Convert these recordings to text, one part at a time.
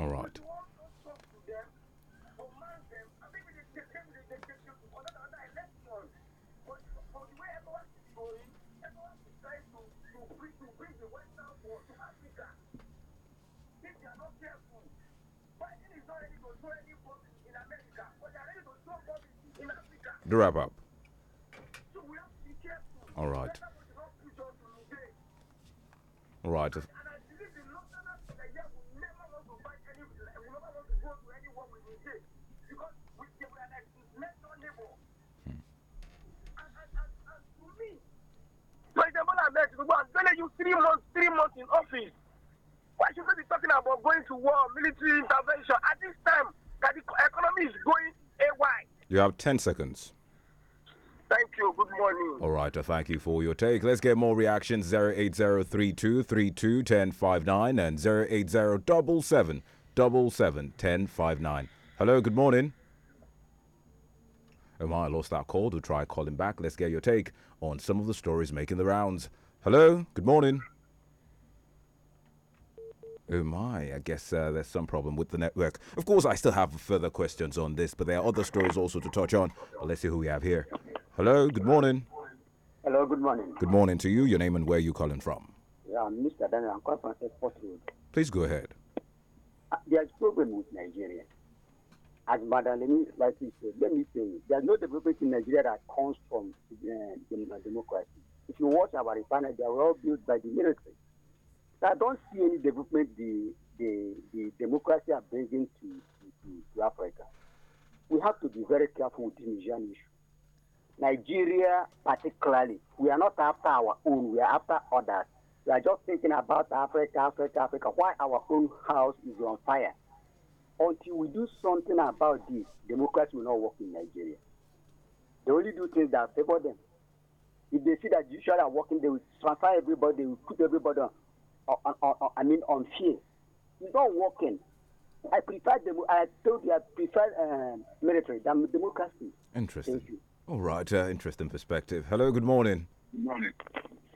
All right. The wrap up. All right. All right. Demola Ahmed to go you three months, three months in office. Why should we be talking about going to war, military intervention at this time that the economy is going awry? You have 10 seconds. Thank you. Good morning. All right. thank you for your take. Let's get more reactions 08032321059 and double seven ten five nine. Hello. Good morning. Omar lost that call. We'll try calling back. Let's get your take on some of the stories making the rounds. Hello, good morning. Oh my, I guess uh, there's some problem with the network. Of course, I still have further questions on this, but there are other stories also to touch on. let's see who we have here. Hello, good morning. Hello, good morning. Good morning to you. Your name and where you calling from? Yeah, I'm Mr. Daniel. I'm calling from Airport Road. Please go ahead. Uh, there's problem with Nigeria as Madam rightly me said, let me say, there's no development in Nigeria that comes from uh, um, democracy. If you watch our refineries, they are all built by the military. So I don't see any development the, the, the democracy are bringing to, to, to Africa. We have to be very careful with the Nigerian issue. Nigeria, particularly, we are not after our own, we are after others. We are just thinking about Africa, Africa, Africa, why our own house is on fire until we do something about this, democracy will not work in Nigeria. They only do things that favor them. If they see that judiciary are working, they will transfer everybody, they will put everybody on, on, on, on I mean, on fear. It's not working. I prefer them. I told you I prefer um, military than democracy. Interesting. All right, uh, interesting perspective. Hello, good morning. Good morning.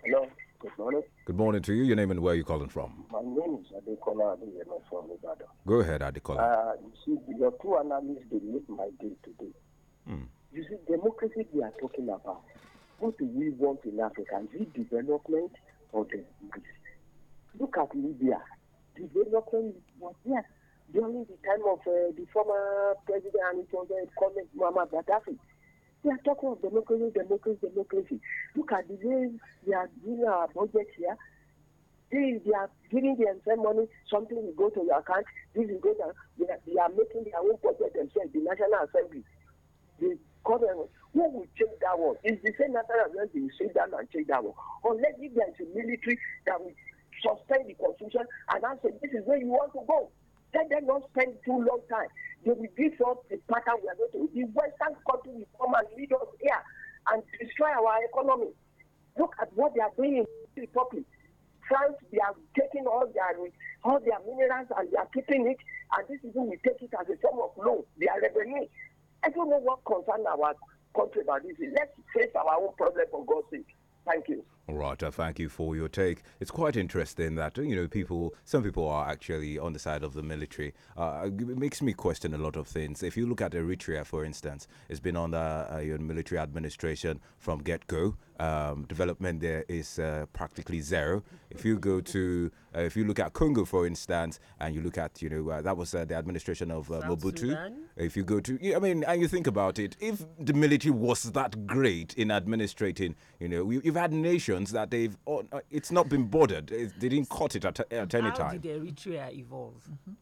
Hello. Good morning. Good morning to you. Your name and where are you calling from? My name is Adekola Adeyemi from Ibadan. Go ahead, Adekola. Uh, you see, your two analysts, they make my day today. Mm. You see, democracy we are talking about, what do we want in Africa? Is it development or democracy? Look at Libya. Development was there during the time of uh, the former president and it was uh, Muammar Gaddafi. They are talking of democracy, democracy, democracy. Look at the way they are doing our budget here. They, they are giving the same money, something will go to your account, this will go to, they are, they are making their own budget themselves, the National Assembly. the government. Who will change that one? It's the same national Assembly they will sit down and check that one. Unless if there is a military that will suspend the constitution and answer, this is where you want to go. Let them not spend too long time. They will give up the pattern we are going to. The Western country will come and lead us here and destroy our economy. Look at what they are doing in the Republic. France, they are taking all their all their minerals and they are keeping it, and this is we take it as a form of loan, They are revenue. I don't know what concerns our country about this. Let's face our own problem for God's sake. Thank you. All right, uh, thank you for your take. It's quite interesting that you know people. Some people are actually on the side of the military. Uh, it makes me question a lot of things. If you look at Eritrea, for instance, it's been under uh, military administration from get go. Um, development there is uh, practically zero. If you go to, uh, if you look at Congo, for instance, and you look at, you know, uh, that was uh, the administration of uh, Mobutu. Sudan. If you go to, I mean, and you think about it, if the military was that great in administrating, you know, we, you've had nations options that they've. Oh, it's not been bordered. they didn't cut it at, at any How time. How did Eritrea evolve? Mm -hmm.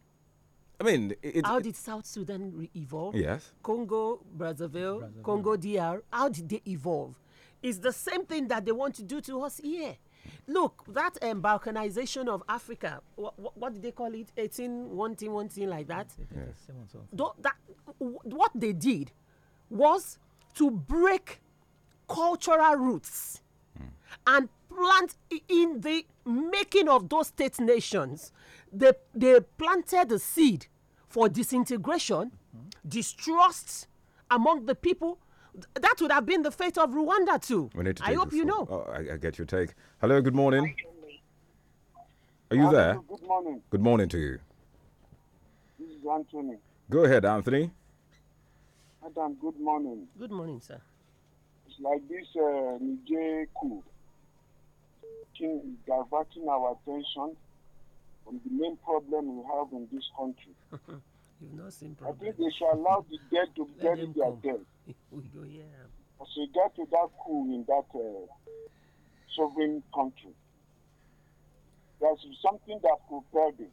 I mean, it, how did South Sudan evolve? Yes. Congo, Brazzaville, Brazzaville, Congo DR. How did they evolve? It's the same thing that they want to do to us here. Look, that um, balkanization of Africa, wh wh what did they call it? 18, one thing, one thing like that. Yes. Th that what they did was to break cultural roots and plant in the making of those state nations. They, they planted the seed for disintegration, mm -hmm. distrust among the people. That would have been the fate of Rwanda too. I hope you know. Oh, I, I, get your take. Hello, good morning. Are you there? Good morning. Good morning to you. This is Anthony. Go ahead, Anthony. Adam, good morning. Good morning, sir. It's like this uh, Niger coup making is diverting our attention from the main problem we have in this country. You've not seen problem. I think they should allow the dead to bury their dead. we go, yeah. As we get to that cool in that uh, sovereign country, there's something that prepared it.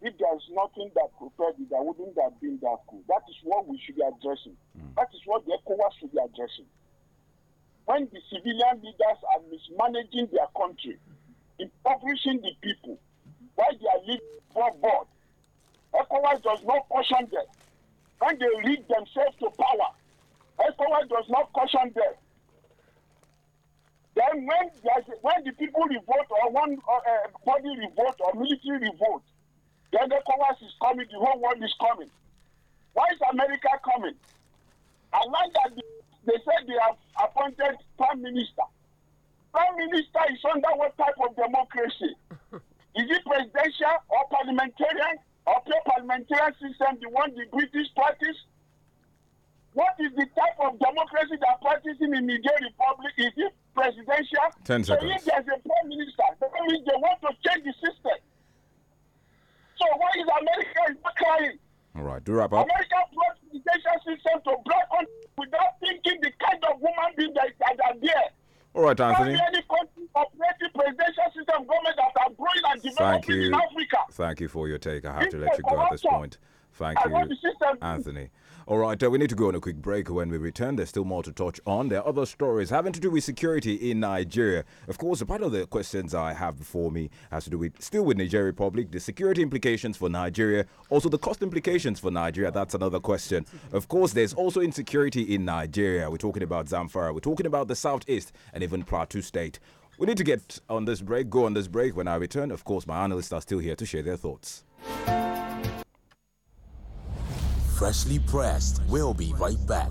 If there's nothing that prepared it, there wouldn't have been that cool. That is what we should be addressing. Mm. That is what the ECOWAS should be addressing when the civilian leaders are mismanaging their country, impoverishing the people, while they are living for board, ECOWAS does not caution them. When they lead themselves to power, ECOWAS does not caution them. Then when, when the people revolt or one or, uh, body revolt or military revolt, then ECOWAS is coming, the whole world is coming. Why is America coming? I like that the they said they have appointed prime minister. Prime minister is under what type of democracy? is it presidential or parliamentarian or pre-parliamentarian system the one the British practice? What is the type of democracy they are practicing in Niger Republic? Is it presidential? Ten seconds. So if there's a prime minister, that means they want to change the system. So why is America not crying? All right, do wrap up. America system to black without thinking the kind of woman being there. All right, Anthony. government that are growing and developing Thank you. Thank you for your take. I have to let you go at this point. Thank you, Anthony. All right, uh, we need to go on a quick break. When we return, there's still more to touch on. There are other stories having to do with security in Nigeria. Of course, part of the questions I have before me has to do with still with Nigeria Republic, the security implications for Nigeria, also the cost implications for Nigeria. That's another question. Of course, there's also insecurity in Nigeria. We're talking about Zamfara, we're talking about the southeast, and even Plateau State. We need to get on this break, go on this break. When I return, of course, my analysts are still here to share their thoughts. Freshly pressed. We'll be right back.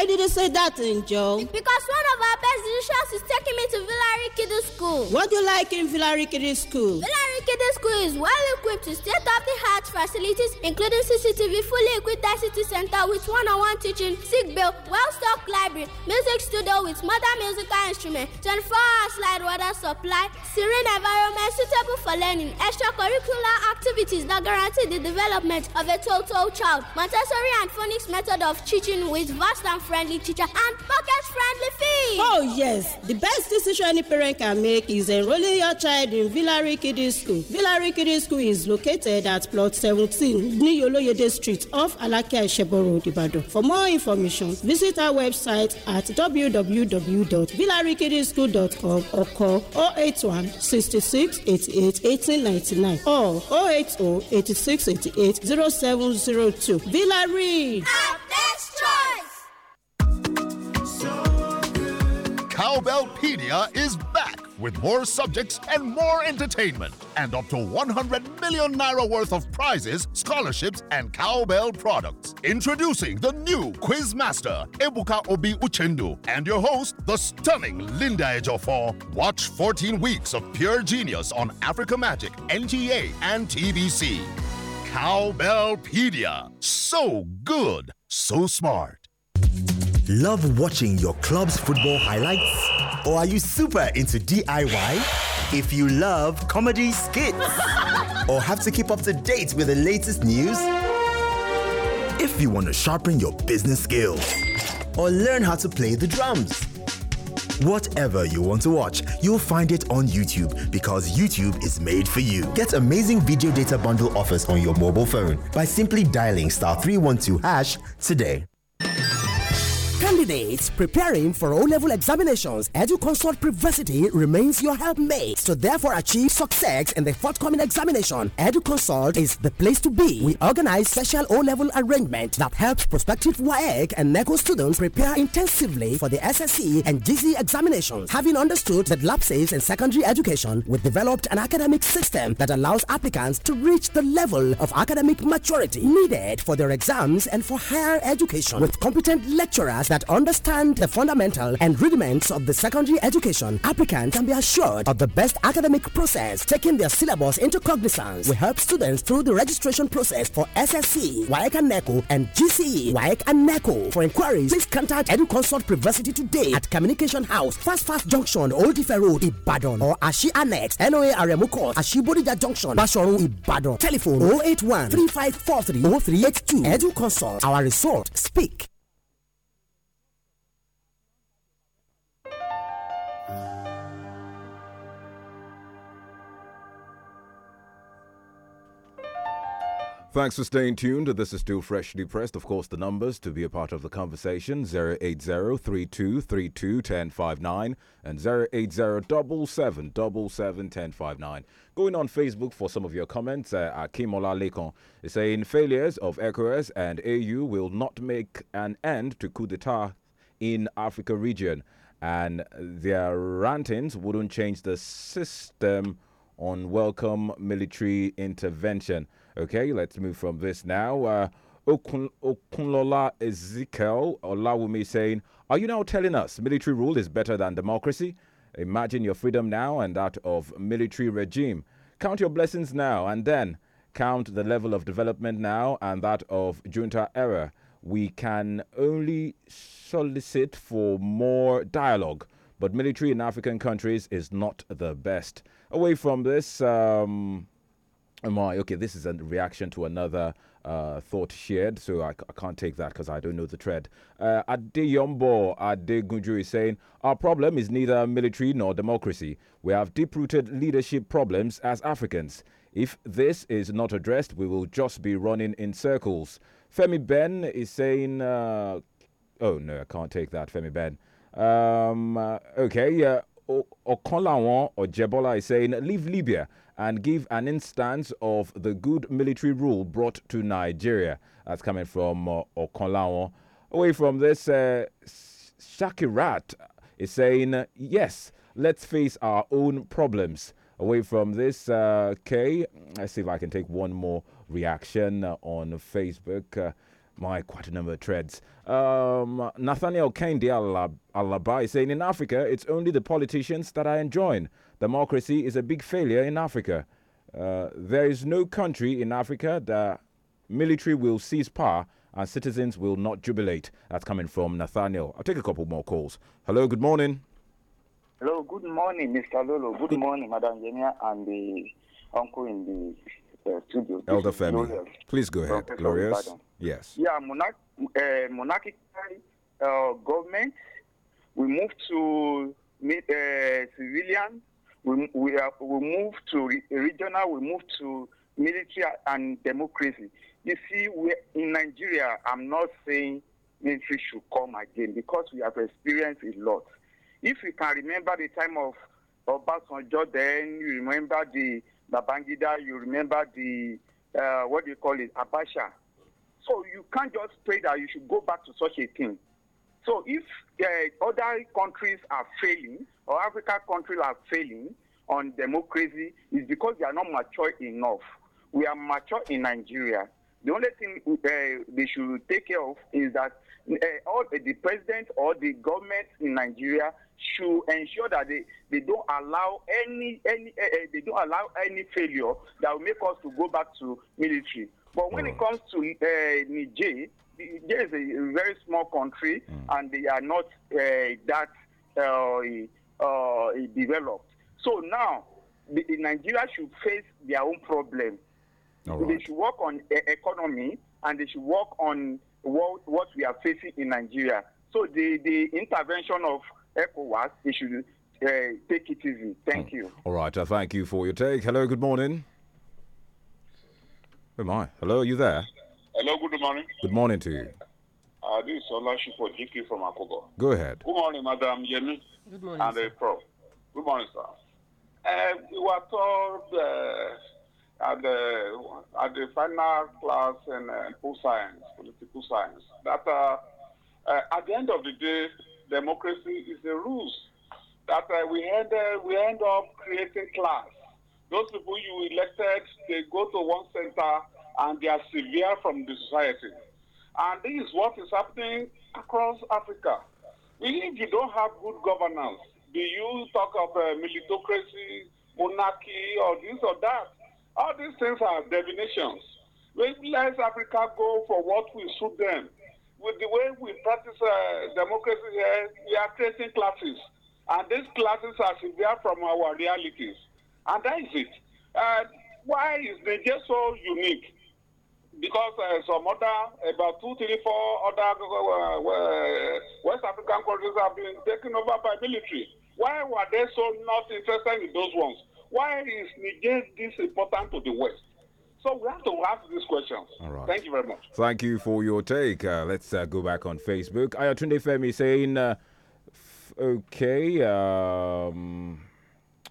Why did you say that, Angel? Because one of our best musicians is taking me to Villari Kiddie School. What do you like in Villari Kiddie School? Villari Kiddie School is well equipped with state-of-the-art facilities, including CCTV, fully equipped ICT center with one-on-one teaching, sick bill, well-stocked library, music studio with modern musical instruments, 24-hour slide water supply, serene environment suitable for learning, extracurricular activities that guarantee the development of a total child, Montessori and phonics method of teaching with vast and friendly teacher and pocket friendly fee. Oh, yes. The best decision any parent can make is enrolling your child in Villari Kiddie School. Villari Kiddie School is located at plot 17, Yede Street, off Alakia Ishebo Road, Ibadan. For more information, visit our website at www.villarikiddieschool.com or call 081 66 88 or 080 86 88 0702. Villari! Our best choice! Cowbellpedia is back with more subjects and more entertainment, and up to 100 million naira worth of prizes, scholarships, and cowbell products. Introducing the new quiz master, Ebuka Obi Uchendu, and your host, the stunning Linda Ejofor. Watch 14 weeks of pure genius on Africa Magic, NTA, and TBC. Cowbellpedia. So good, so smart. Love watching your club's football highlights? Or are you super into DIY? If you love comedy skits? or have to keep up to date with the latest news? If you want to sharpen your business skills? Or learn how to play the drums? Whatever you want to watch, you'll find it on YouTube because YouTube is made for you. Get amazing video data bundle offers on your mobile phone by simply dialing star 312 hash today. Candidates preparing for O-level examinations, EduConsult Privacy remains your helpmate. So therefore achieve success in the forthcoming examination. EduConsult is the place to be. We organize special O-level arrangement that helps prospective WAEC and NECO students prepare intensively for the SSE and GC examinations. Having understood that lapses in secondary education, we developed an academic system that allows applicants to reach the level of academic maturity needed for their exams and for higher education with competent lecturers that understand the fundamental and rudiments of the secondary education, applicants can be assured of the best academic process, taking their syllabus into cognizance. We help students through the registration process for SSC, WAEC and NECO, and GCE, WAEC and NECO. For inquiries, please contact EduConsult Privacy today at Communication House, Fast Fast Junction, Old Ife Road, Ibadan, or Ashi Annex, NOA Aremu Court, Ashibodija Junction, Basharun, Ibadan. Telephone 081 3543 0382. EduConsult, our resort. Speak. Thanks for staying tuned. This is still freshly pressed. Of course, the numbers to be a part of the conversation 80 and 80 777 Going on Facebook for some of your comments, uh, Akimola Lekon is saying failures of ECOWAS and AU will not make an end to coup d'etat in Africa region and their rantings wouldn't change the system on welcome military intervention. Okay, let's move from this now. Uh, Okunlola Ezekiel Olawumi saying, Are you now telling us military rule is better than democracy? Imagine your freedom now and that of military regime. Count your blessings now and then count the level of development now and that of junta era. We can only solicit for more dialogue, but military in African countries is not the best. Away from this, um, my okay this is a reaction to another uh, thought shared so I, I can't take that because i don't know the thread uh, adeyombo adegunju is saying our problem is neither military nor democracy we have deep-rooted leadership problems as africans if this is not addressed we will just be running in circles femi ben is saying uh, oh no i can't take that femi ben um, uh, okay yeah Okanlawan or Jebola is saying, leave Libya and give an instance of the good military rule brought to Nigeria. That's coming from uh, Away from this, uh, Shakirat is saying, yes, let's face our own problems. Away from this, uh, Kay, let's see if I can take one more reaction on Facebook. Uh, my, quite a number of treads. Um, Nathaniel Kendi Alaba is saying, in Africa, it's only the politicians that are enjoying democracy is a big failure in Africa. Uh, there is no country in Africa that military will seize power and citizens will not jubilate. That's coming from Nathaniel. I'll take a couple more calls. Hello, good morning. Hello, good morning, Mr. Lolo. Good, good. morning, Madam Jenia and the uncle in the uh, studio. Elder family. Please go ahead, Professor Glorious. Yes. Yeah, monarch, uh, monarchical uh, government. We move to uh, civilian we, we, are, we move to regional, we move to military and democracy. You see, we, in Nigeria, I'm not saying military should come again because we have experienced a lot. If you can remember the time of Obasanjo, then you remember the Babangida, you remember the uh, what do you call it, Abasha. So you can't just pray that you should go back to such a thing. So if uh, other countries are failing or African countries are failing on democracy, it's because they are not mature enough. We are mature in Nigeria. The only thing uh, they should take care of is that uh, all the president or the government in Nigeria should ensure that they, they don't allow any any uh, uh they don't allow any failure that will make us to go back to military. But when mm. it comes to uh, Niger, there is a very small country, mm. and they are not uh, that uh, uh developed. So now, the, the Nigeria should face their own problem. Right. They should work on uh, economy, and they should work on what, what we are facing in Nigeria. So the, the intervention of ECOWAS, they should uh, take it easy. Thank mm. you. All right. I thank you for your take. Hello. Good morning. Who am I? Hello. Are you there? Hello, good morning. Good morning to you. Uh, this is Olashipo GK from Akogo. Go ahead. Good morning, Madam Yemi. Good morning. And the uh, Prof. Good morning, sir. Uh, we were told uh, at, the, at the final class in uh, political science, political science, that uh, uh, at the end of the day, democracy is a ruse. That we end we end up creating class. Those people you elected, they go to one center and they are severe from the society. And this is what is happening across Africa. If you don't have good governance, do you talk of uh, militocracy, monarchy, or this or that? All these things are divinations. Maybe let Africa go for what we suit them. With the way we practice uh, democracy here, we are creating classes. And these classes are severe from our realities. And that is it. Uh, why is Niger so unique? because uh, some other, about two, three, four other uh, uh, West African countries have been taken over by military. Why were they so not interested in those ones? Why is Niger this important to the West? So we have to ask these questions. All right. Thank you very much. Thank you for your take. Uh, let's uh, go back on Facebook. Ayatunde Femi saying, uh, okay. Um,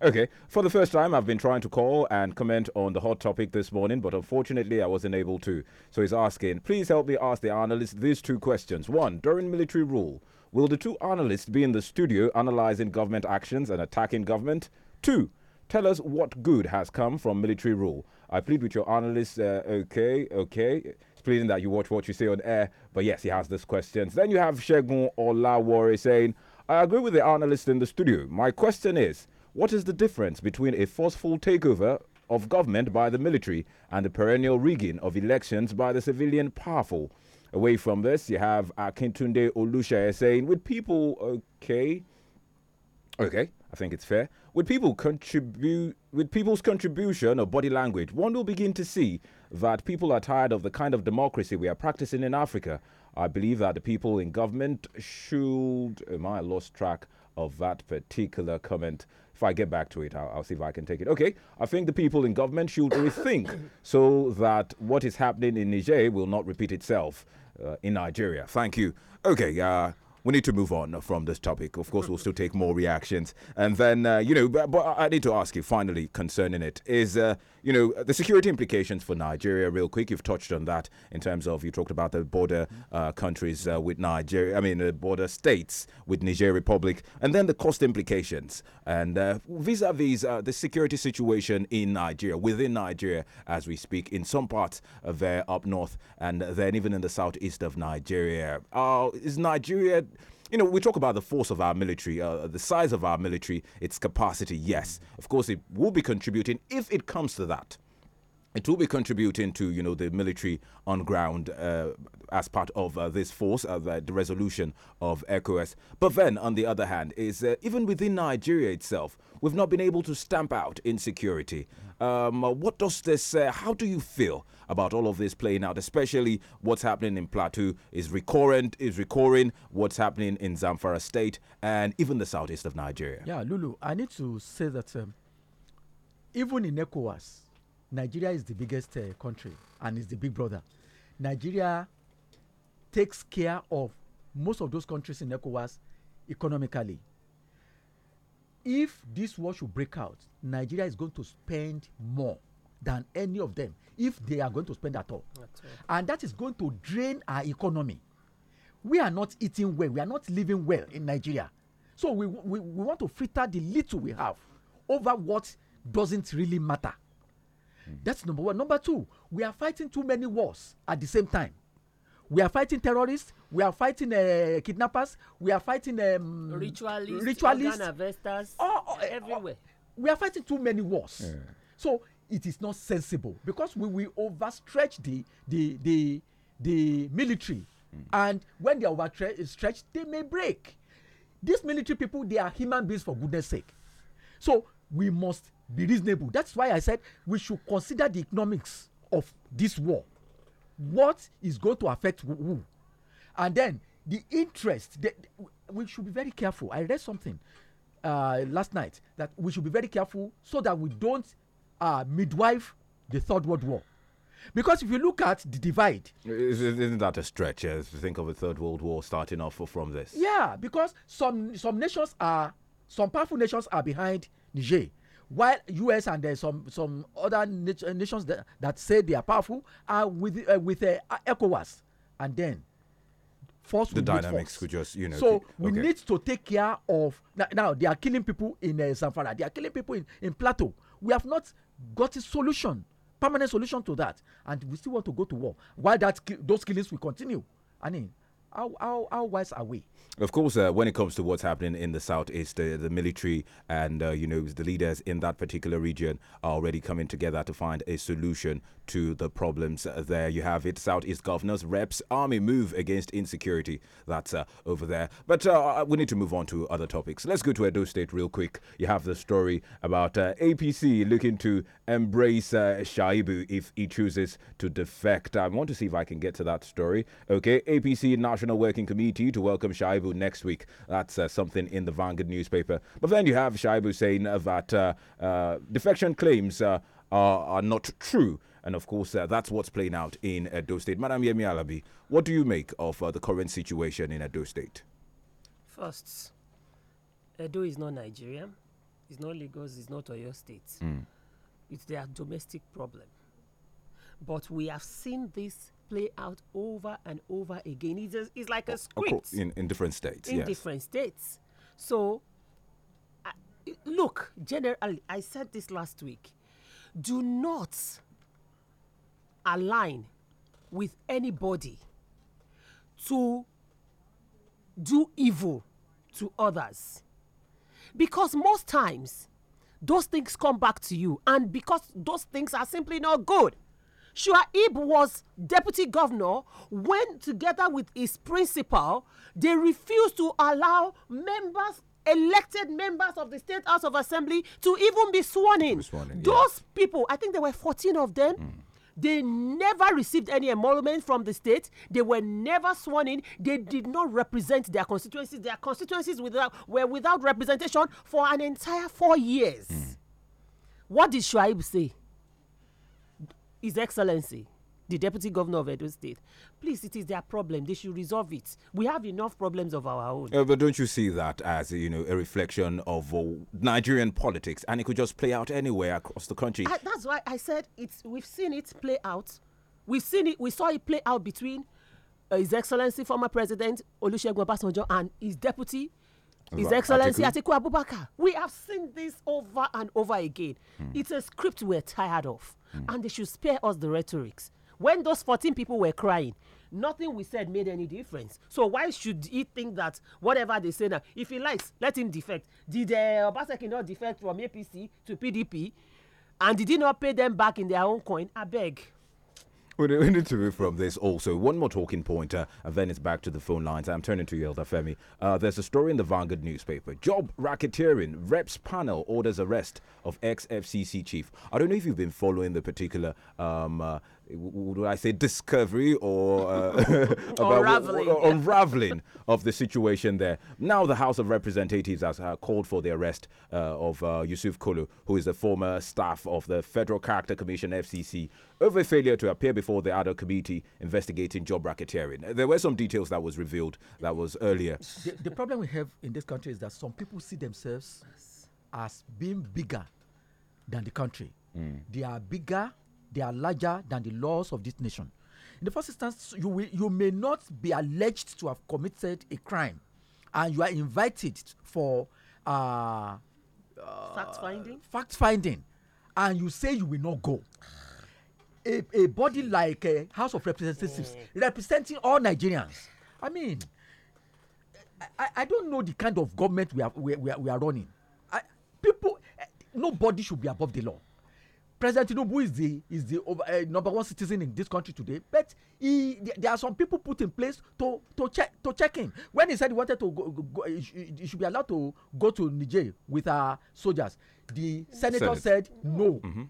Okay. For the first time, I've been trying to call and comment on the hot topic this morning, but unfortunately, I wasn't able to. So he's asking, please help me ask the analyst these two questions. One, during military rule, will the two analysts be in the studio analyzing government actions and attacking government? Two, tell us what good has come from military rule. I plead with your analysts, uh, okay, okay. It's pleading that you watch what you say on air, but yes, he has these questions. Then you have Shegun Olawore saying, I agree with the analyst in the studio. My question is, what is the difference between a forceful takeover of government by the military and the perennial rigging of elections by the civilian powerful? Away from this, you have Akintunde Olusha saying, with people, okay, okay, I think it's fair. With people with people's contribution or body language, one will begin to see that people are tired of the kind of democracy we are practicing in Africa. I believe that the people in government should am oh I lost track of that particular comment if I get back to it, I'll, I'll, see if I can take it. Okay, I think the people in government should rethink so that what is happening in Niger will not repeat itself uh, in Nigeria. Thank you. Okay, uh, we need to move on from this topic. Of course, we'll still take more reactions. And then, uh, you know, but, but, I need to ask you finally concerning it is, uh, you know, the security implications for Nigeria, real quick. You've touched on that in terms of you talked about the border uh, countries uh, with Nigeria, I mean, the border states with Niger Republic, and then the cost implications. And vis a vis the security situation in Nigeria, within Nigeria as we speak, in some parts there up north, and then even in the southeast of Nigeria. Uh, is Nigeria you know, we talk about the force of our military, uh, the size of our military, its capacity. Yes, of course, it will be contributing if it comes to that. It will be contributing to you know the military on ground uh, as part of uh, this force, uh, the, the, resolution of ECOWAS. But then, on the other hand, is uh, even within Nigeria itself, we've not been able to stamp out insecurity. Um, uh, what does this? Uh, how do you feel about all of this playing out, especially what's happening in Plateau is recurrent, is recurring. What's happening in Zamfara State and even the southeast of Nigeria? Yeah, Lulu, I need to say that um, even in ECOWAS, Nigeria is the biggest uh, country and is the big brother. Nigeria takes care of most of those countries in ECOWAS economically. If this war should break out, Nigeria is going to spend more than any of them if they are going to spend at all. Right. And that is going to drain our economy. We are not eating well, we are not living well in Nigeria. So we, we, we want to fritter the little we have over what doesn't really matter. Mm. That's number one. Number two, we are fighting too many wars at the same time we are fighting terrorists we are fighting uh, kidnappers we are fighting um, ritualists ritualists investors oh, oh, everywhere oh, we are fighting too many wars yeah. so it is not sensible because we will overstretch the the the the military mm. and when they are stretched, they may break these military people they are human beings for goodness sake so we must be reasonable that's why i said we should consider the economics of this war what is going to affect who and then the interest the, we should be very careful i read something uh, last night that we should be very careful so that we don't uh, midwife the third world war because if you look at the divide isn't that a stretch to think of a third world war starting off from this yeah because some some nations are some powerful nations are behind niger while us and uh, some some other nat uh, nations that, that say they are powerful are with uh, with uh, ecowas and then force the dynamics force. could just you know so okay. we need to take care of now, now they are killing people in uh, zamfara they are killing people in in plateau we have not got a solution permanent solution to that and we still want to go to war while that those killings will continue i mean how, how, how wise are we? Of course, uh, when it comes to what's happening in the southeast, uh, the military and uh, you know the leaders in that particular region are already coming together to find a solution to the problems uh, there. You have it, southeast governors, reps, army move against insecurity that's uh, over there. But uh, we need to move on to other topics. Let's go to Edo State real quick. You have the story about APC looking to embrace Shaibu if he chooses to defect. I want to see if I can get to that story. Okay, APC national National Working Committee to welcome Shaibu next week. That's uh, something in the Vanguard newspaper. But then you have Shaibu saying that uh, uh defection claims uh, are, are, not true. And of course, uh, that's what's playing out in Edo State. Madam Yemi Alabi, what do you make of the current situation in Edo State? First, Edo is not Nigeria, it's not Lagos, it's not Oyo State. Mm. It's their domestic problem. But we have seen this play out over and over again. It's, a, it's like a script. In, in different states. In yes. different states. So, look, generally, I said this last week do not align with anybody to do evil to others. Because most times, those things come back to you, and because those things are simply not good Shuaib was deputy governor when, together with his principal, they refused to allow members elected members of the State House of Assembly to even be sworn in. Be sworn in Those yeah. people, I think there were 14 of them. Mm. They never received any emolument from the state. They were never sworn in. They did not represent their constituencies. Their constituencies without, were without representation for an entire four years. Mm. What did Shuaib say? His Excellency, the Deputy Governor of Edo State, please, it is their problem. They should resolve it. We have enough problems of our own. Uh, but don't you see that as you know a reflection of uh, Nigerian politics, and it could just play out anywhere across the country? I, that's why I said it's. We've seen it play out. We've seen it. We saw it play out between uh, His Excellency, former President Olusegun Obasanjo, and his deputy. His Excellency Atiku Abubakar. We have seen this over and over again. Hmm. It's a script we're tired of. Mm. and they should spare us the rhetorics. When those 14 people were crying, nothing we said made any difference. So why should he think that whatever they say now, if he likes, let him defect? Did uh, Obaseki not defect from APC to PDP? And did he not pay them back in their own coin? I beg we need to move from this also. One more talking point, uh, and then it's back to the phone lines. I'm turning to you, Elder Femi. Uh, there's a story in the Vanguard newspaper. Job racketeering. Reps panel orders arrest of ex-FCC chief. I don't know if you've been following the particular um, uh, would I say discovery or uh, unraveling. unraveling of the situation there. Now the House of Representatives has uh, called for the arrest uh, of uh, Yusuf Kulu, who is a former staff of the Federal Character Commission (FCC) over failure to appear before the other committee investigating job racketeering. There were some details that was revealed that was earlier. The, the problem we have in this country is that some people see themselves as being bigger than the country. Mm. They are bigger they are larger than the laws of this nation. In the first instance, you, will, you may not be alleged to have committed a crime, and you are invited for uh, uh, fact finding. Fact finding, and you say you will not go. A, a body like a uh, House of Representatives mm. representing all Nigerians. I mean, I, I don't know the kind of government we are we, we are, we are running. I, people, eh, nobody should be above the law. President Tinubu is the is the uh, number one citizen in this country today, but he there are some people put in place to to check to check him. When he said he wanted to go, go he, he, should be allowed to go to Niger with our soldiers, the senator Senate. said no. Mm -hmm.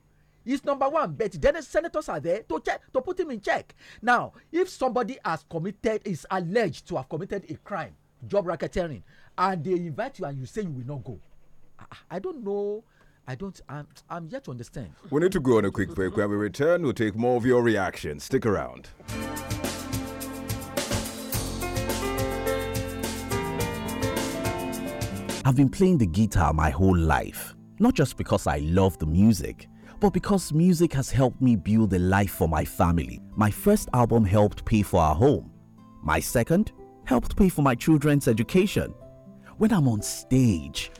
He's number one, but then the senators are there to check to put him in check. Now, if somebody has committed is alleged to have committed a crime, job racketeering, and they invite you and you say you will not go, I, I don't know I don't. I'm, I'm yet to understand. We need to go on a quick break. When we return, we'll take more of your reactions. Stick around. I've been playing the guitar my whole life, not just because I love the music, but because music has helped me build a life for my family. My first album helped pay for our home. My second helped pay for my children's education. When I'm on stage,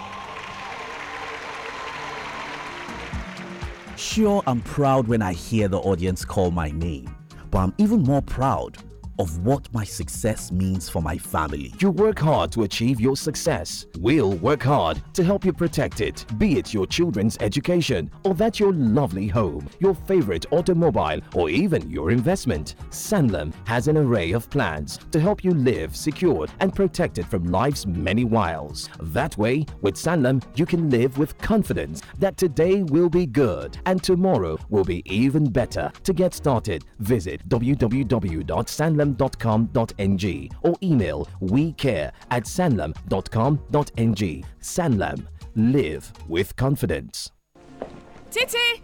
Sure, I'm proud when I hear the audience call my name, but I'm even more proud of what my success means for my family. You work hard to achieve your success. We'll work hard to help you protect it, be it your children's education or that your lovely home, your favorite automobile, or even your investment. Sanlam has an array of plans to help you live secured and protected from life's many wiles. That way, with Sanlam, you can live with confidence that today will be good and tomorrow will be even better. To get started, visit www.sanlam.com sanlam.com.ng or email wecare at sanlam.com.ng. Sanlam. Live with confidence. Titi!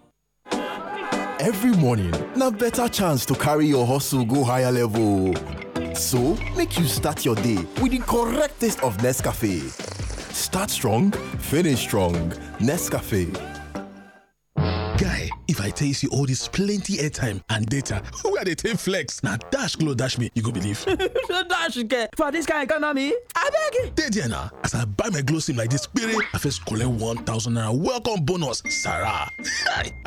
Every morning, na better chance to carry your hustle go higher level. So, make you start your day with the correct taste of Nescafe. Start strong, finish strong. Nescafe. guy if i tell you see all this plenty airtime and data wey i dey take flex Now dash glow dash me you go believe. no dash ke for dis kain economy abeg. dey there na as i buy my glow sim like this kpere i first collect one thousand naira welcome bonus sarah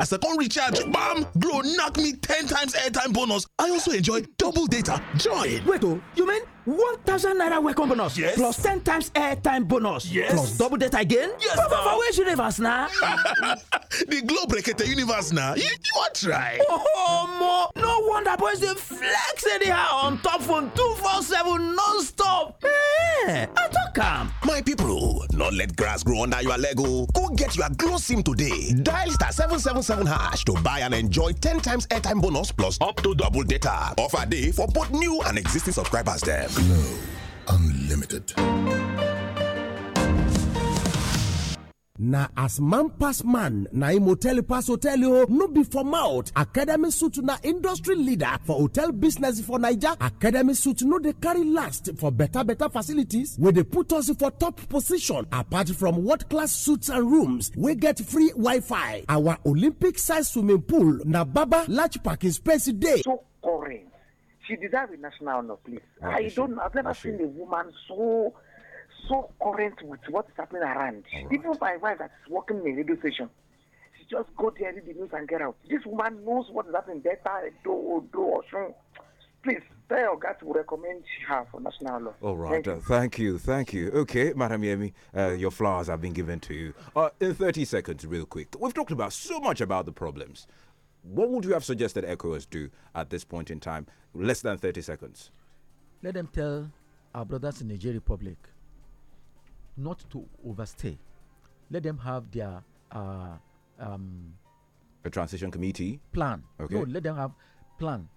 as i come recharge bam glow knock me ten times airtime bonus i also enjoy double data join. wait oh, you mean 1000 naira welcome bonus yes plus 10 times airtime bonus yes plus double data again yes papa for which universe now? the globe breaker universe now. you wan try oh mo no wonder boys dey flex anyhow on top phone 247 non-stop eh i tok am my people, not let grass grow under your lego. Oh. go get your glow sim today dial star 777 hash to buy and enjoy 10 times airtime bonus plus up to double data offer day for both new and existing subscribers dem Glow Unlimited. na as man pass man na im hotel pass hotel o oh, no be for mouth academy suit na industry leader for hotel business for naija academy suit no dey carry last for better better facilities wey dey put us for top position apart from world class suits and rooms wey get free wi-fi our olympic size swimming pool na baba large parking space dey. so correct she deserves a national honor, please. Oh, I don't. I've never ah, seen a woman so so current with what's happening around. Right. Even my wife that's working in a radio station, she just go there, read the news, and get out. This woman knows what is happening better. Do do Oshun. Please tell God to recommend her for national law. All right. Thank, uh, you. thank you. Thank you. Okay, Madam Yemi, uh, your flowers have been given to you. Uh, in 30 seconds, real quick, we've talked about so much about the problems what would you have suggested ECOWAS do at this point in time? Less than 30 seconds. Let them tell our brothers in the Nigeria Republic not to overstay. Let them have their uh, um, a transition committee plan. Okay. No, let them have plan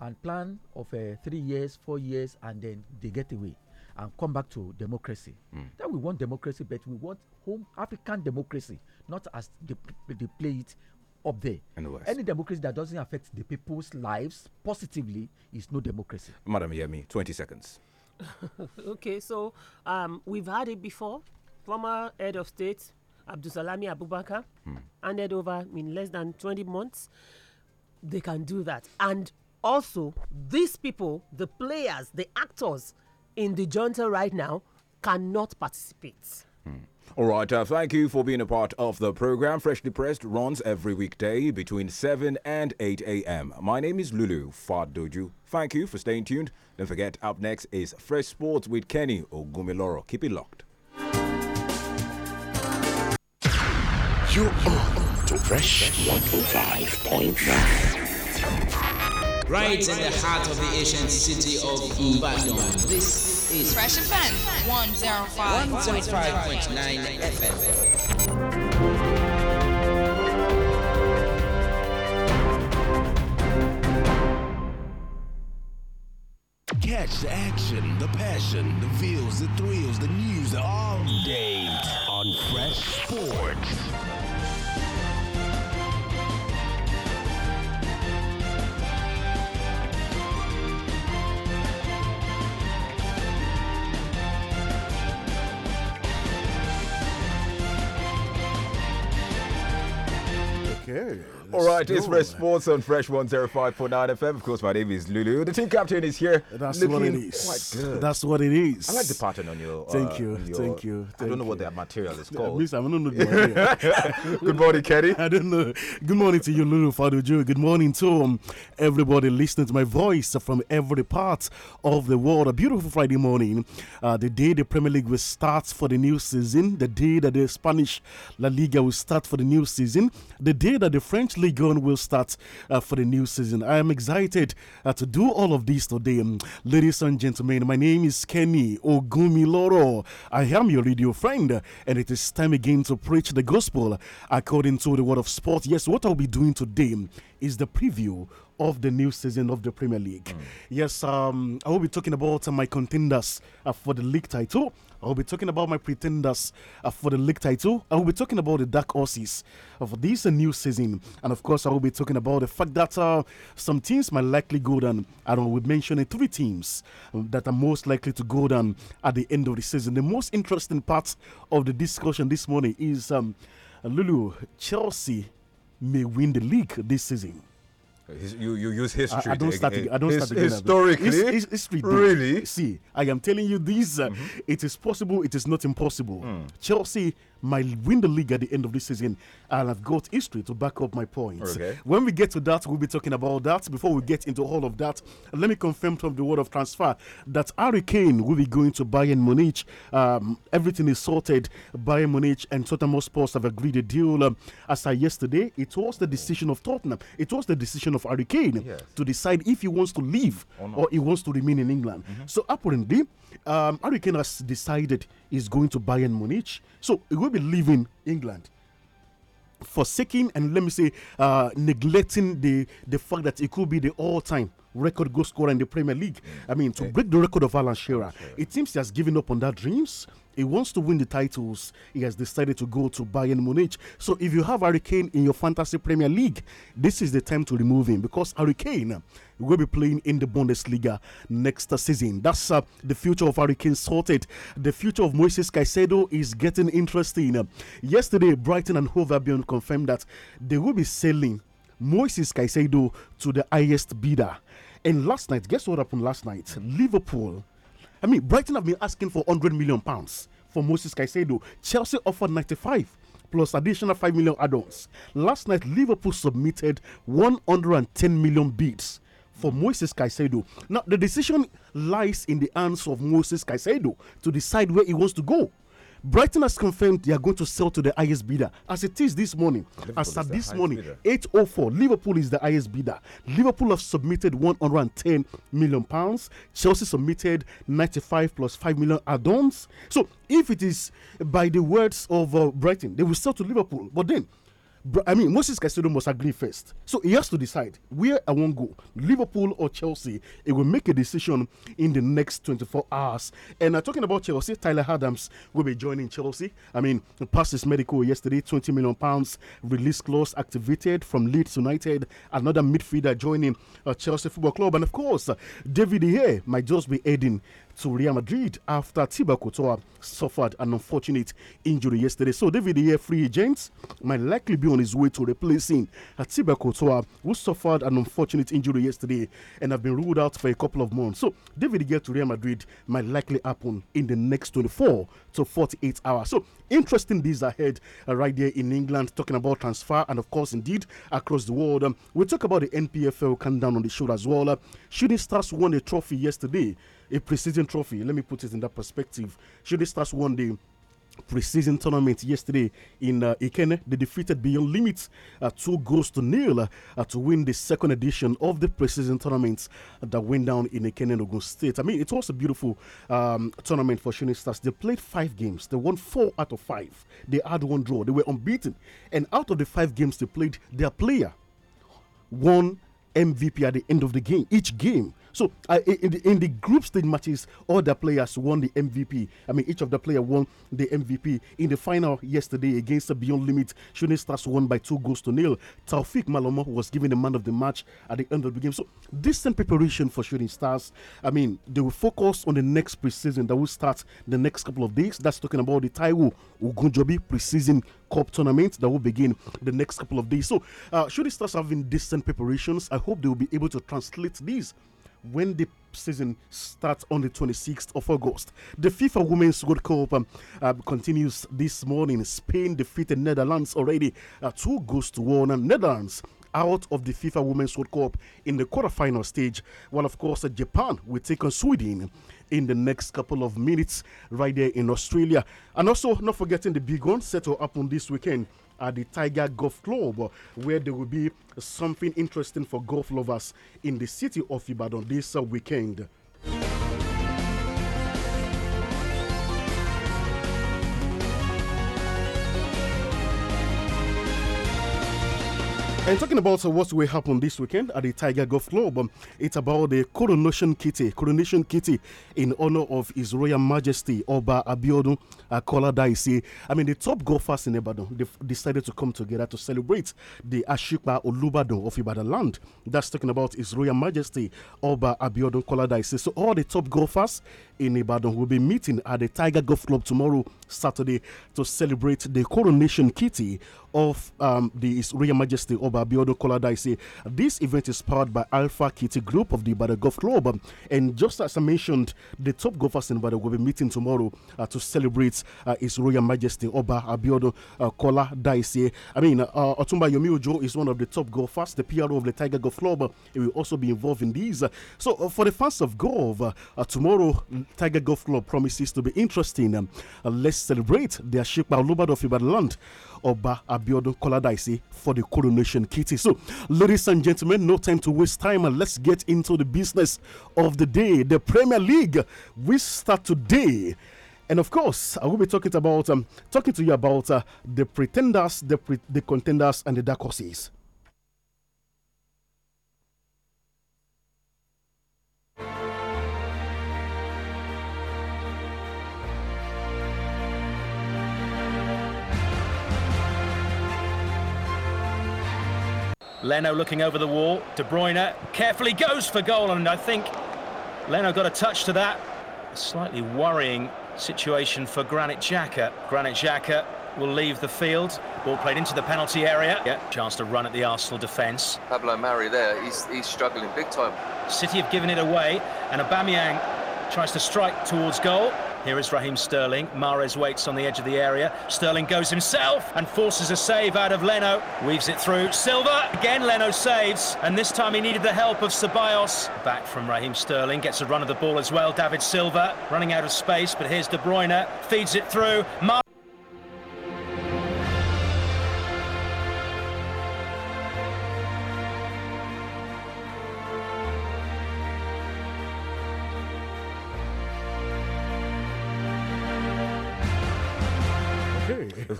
and plan of uh, three years, four years, and then they get away and come back to democracy. Mm. That we want democracy, but we want home African democracy, not as they, they play it up there. And the West. Any democracy that doesn't affect the people's lives positively is no democracy. Madam Yemi, 20 seconds. okay, so um, we've had it before. Former head of state Abdusalami Abubakar hmm. handed over in less than 20 months. They can do that. And also, these people, the players, the actors in the junta right now, cannot participate. Hmm. All right, uh, thank you for being a part of the program. Freshly Pressed runs every weekday between 7 and 8 a.m. My name is Lulu Fadoju. Thank you for staying tuned. Don't forget, up next is Fresh Sports with Kenny Ogumiloro. Keep it locked. You're on to Fresh 105.9. Right in the heart of the ancient city of Ibadan. This is Fresh Offense 105.9 FM. Catch the action, the passion, the feels, the thrills, the news all day on Fresh Sports. All right, it's Fresh Sports on Fresh 105.9 FM. Of course, my name is Lulu. The team captain is here. That's what it is. Quite good. That's what it is. I like the pattern on your. Thank uh, you. Uh, your, thank you. Thank I don't know you. what that material is called. Please, I don't know the Good morning, Kenny. I don't know. Good morning to you, Lulu Faduju. Good morning to um, everybody listening to my voice from every part of the world. A beautiful Friday morning. Uh, the day the Premier League will start for the new season, the day that the Spanish La Liga will start for the new season, the day that the French going. we will start uh, for the new season. I am excited uh, to do all of this today. Um, ladies and gentlemen, my name is Kenny Ogumiloro. I am your radio friend, and it is time again to preach the gospel according to the word of sport. Yes, what I'll be doing today is the preview of the new season of the Premier League. Mm. Yes, um, I will be talking about uh, my contenders uh, for the league title. I will be talking about my pretenders uh, for the league title. I will be talking about the dark horses of this new season. And of course, I will be talking about the fact that uh, some teams might likely go down. I will We mentioned three teams um, that are most likely to go down at the end of the season. The most interesting part of the discussion this morning is um, Lulu, Chelsea may win the league this season you, you use history. I, I don't start. I don't His, start again. Historically, really. See, I am telling you this. Uh, mm -hmm. It is possible. It is not impossible. Mm. Chelsea might win the league at the end of the season, and I've got history to back up my points. Okay. When we get to that, we'll be talking about that. Before we get into all of that, let me confirm from the word of transfer that Harry Kane will be going to Bayern Munich. Um, everything is sorted. Bayern Munich and Tottenham Sports have agreed a deal. Um, as I yesterday, it was the decision of Tottenham. It was the decision decision of Harry Kane yes. to decide if he wants to leave or, or he wants to remain in England. Mm -hmm. So apparently, um, Harry Kane has decided he's going to Bayern Munich. So he will be leaving England forsaking and let me say uh, neglecting the the fact that it could be the all-time record goal scorer in the Premier League. Mm. I mean, to break the record of Alan Shearer, it seems he has given up on that dreams. He wants to win the titles. He has decided to go to Bayern Munich. So if you have Hurricane in your fantasy Premier League, this is the time to remove him because Hurricane will be playing in the Bundesliga next season. That's uh, the future of Hurricane sorted. The future of Moises Caicedo is getting interesting. yesterday, Brighton and Hove Albion confirmed that they will be selling Moises Caicedo to the highest bidder. And last night, guess what happened last night? Liverpool. I mean, Brighton have been asking for 100 million pounds for Moses Caicedo. Chelsea offered 95 plus additional 5 million add-ons. Last night, Liverpool submitted 110 million bids for Moses Caicedo. Now, the decision lies in the hands of Moses Caicedo to decide where he wants to go. Brighton has confirmed they are going to sell to the highest bidder. As it is this morning, Liverpool as at this morning, 8.04, Liverpool is the highest bidder. Liverpool have submitted 110 million pounds. Chelsea submitted 95 plus 5 million add-ons. So if it is by the words of uh, Brighton, they will sell to Liverpool. But then I mean, Moses Caicedo must agree first. So he has to decide where I won't go, Liverpool or Chelsea. He will make a decision in the next 24 hours. And uh, talking about Chelsea, Tyler Adams will be joining Chelsea. I mean, passed his medical yesterday, 20 million pounds release clause activated from Leeds United. Another midfielder joining uh, Chelsea Football Club, and of course, uh, David Here might just be adding to Real Madrid after Thibaut Courtois suffered an unfortunate injury yesterday. So David here, free agent, might likely be on his way to replacing uh, Thibaut Courtois, who suffered an unfortunate injury yesterday and have been ruled out for a couple of months. So David get to Real Madrid might likely happen in the next 24 to 48 hours. So interesting days ahead uh, right there in England, talking about transfer and of course indeed across the world. Um, we we'll talk about the NPFL countdown on the show as well. Uh, Shooting Stars won a trophy yesterday a preseason trophy. Let me put it in that perspective. Shooting Stars one day preseason tournament yesterday in uh, Ikene. They defeated Beyond Limits uh, two goals to nil uh, to win the second edition of the preseason tournament that went down in Ikene, Ogun State. I mean, it was a beautiful um, tournament for Shooting Stars. They played five games. They won four out of five. They had one draw. They were unbeaten. And out of the five games they played, their player won MVP at the end of the game, each game. So uh, in, the, in the group stage matches, all the players won the MVP. I mean, each of the player won the MVP in the final yesterday against the Beyond Limit. Shooting Stars won by two goals to nil. Taufik Malomo was given the man of the match at the end of the game. So decent preparation for Shooting Stars. I mean, they will focus on the next preseason that will start the next couple of days. That's talking about the Taiwo Ugunjobi preseason Cup tournament that will begin the next couple of days. So, uh, Shooting Stars having decent preparations. I hope they will be able to translate these when the season starts on the 26th of August. The FIFA Women's World Cup um, uh, continues this morning. Spain defeated Netherlands already uh, two goals to one. And Netherlands out of the FIFA Women's World Cup in the quarterfinal stage. While, of course, uh, Japan will take on Sweden in the next couple of minutes right there in Australia. And also, not forgetting the big one set to happen this weekend at the Tiger Golf Club, where there will be something interesting for golf lovers in the city of Ibadan this weekend. And talking about uh, what will happen this weekend at the Tiger Golf Club, um, it's about the coronation kitty, coronation kitty in honor of His Royal Majesty Oba Abiodun Akola Daisy. I mean, the top golfers in Ibadan decided to come together to celebrate the Ashipa Olubadan of Ibadan land. That's talking about His Royal Majesty Oba Abiodun Akola Daisy. So all the top golfers in Ibadan will be meeting at the Tiger Golf Club tomorrow, Saturday, to celebrate the coronation kitty of um, the His Royal Majesty Oba Abiodo Kolada say this event is powered by Alpha Kitty Group of the Ibadan Golf Club. And just as I mentioned, the top golfers in Ibadan will be meeting tomorrow uh, to celebrate uh, His Royal Majesty Oba Abiodo uh, Kola Daisy. I mean, uh, Otumba Yomi Ojo is one of the top golfers, the PRO of the Tiger Golf Club. He will also be involved in these. So, uh, for the fans of golf, uh, uh, tomorrow mm, Tiger Golf Club promises to be interesting. Um, let's celebrate ship by Lubad of Ibadan land. Oba Abiodun Koladaisi for the coronation kitty. So, ladies and gentlemen, no time to waste time and let's get into the business of the day. The Premier League we start today. And of course, I will be talking about um, talking to you about uh, the pretenders, the, pre the contenders, and the dark horses. Leno looking over the wall. De Bruyne carefully goes for goal, and I think Leno got a touch to that. A slightly worrying situation for Granit Xhaka. Granit Xhaka will leave the field. Ball played into the penalty area. Yeah, chance to run at the Arsenal defence. Pablo Mari there, he's, he's struggling big time. City have given it away, and Aubameyang tries to strike towards goal. Here is Raheem Sterling. Mares waits on the edge of the area. Sterling goes himself and forces a save out of Leno. Weaves it through. Silva. Again, Leno saves. And this time he needed the help of Ceballos. Back from Raheem Sterling. Gets a run of the ball as well. David Silva running out of space. But here's De Bruyne. Feeds it through.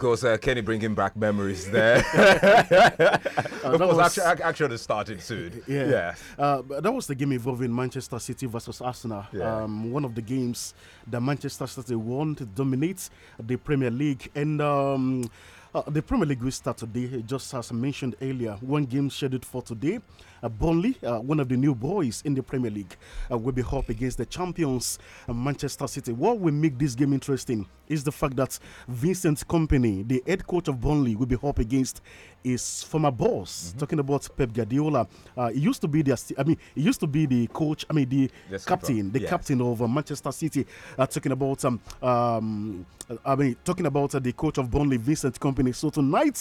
course, uh, Kenny bringing back memories there. Uh, of course, was, actually, action started soon. Yeah. yeah. Uh, that was the game involving Manchester City versus Arsenal. Yeah. Um, one of the games that Manchester City won to dominate the Premier League. And. Um, uh, the Premier League will start today, just as mentioned earlier. One game scheduled for today uh, Burnley, uh, one of the new boys in the Premier League, uh, will be up against the champions Manchester City. What will make this game interesting is the fact that Vincent Company, the head coach of Burnley, will be up against his former boss. Mm -hmm. Talking about Pep Guardiola, uh, he used to be the I mean, he used to be the coach. I mean, the, captain, the yes. captain of uh, Manchester City. Uh, talking about um, um, I mean, talking about the coach of Burnley, Vincent Company. So tonight,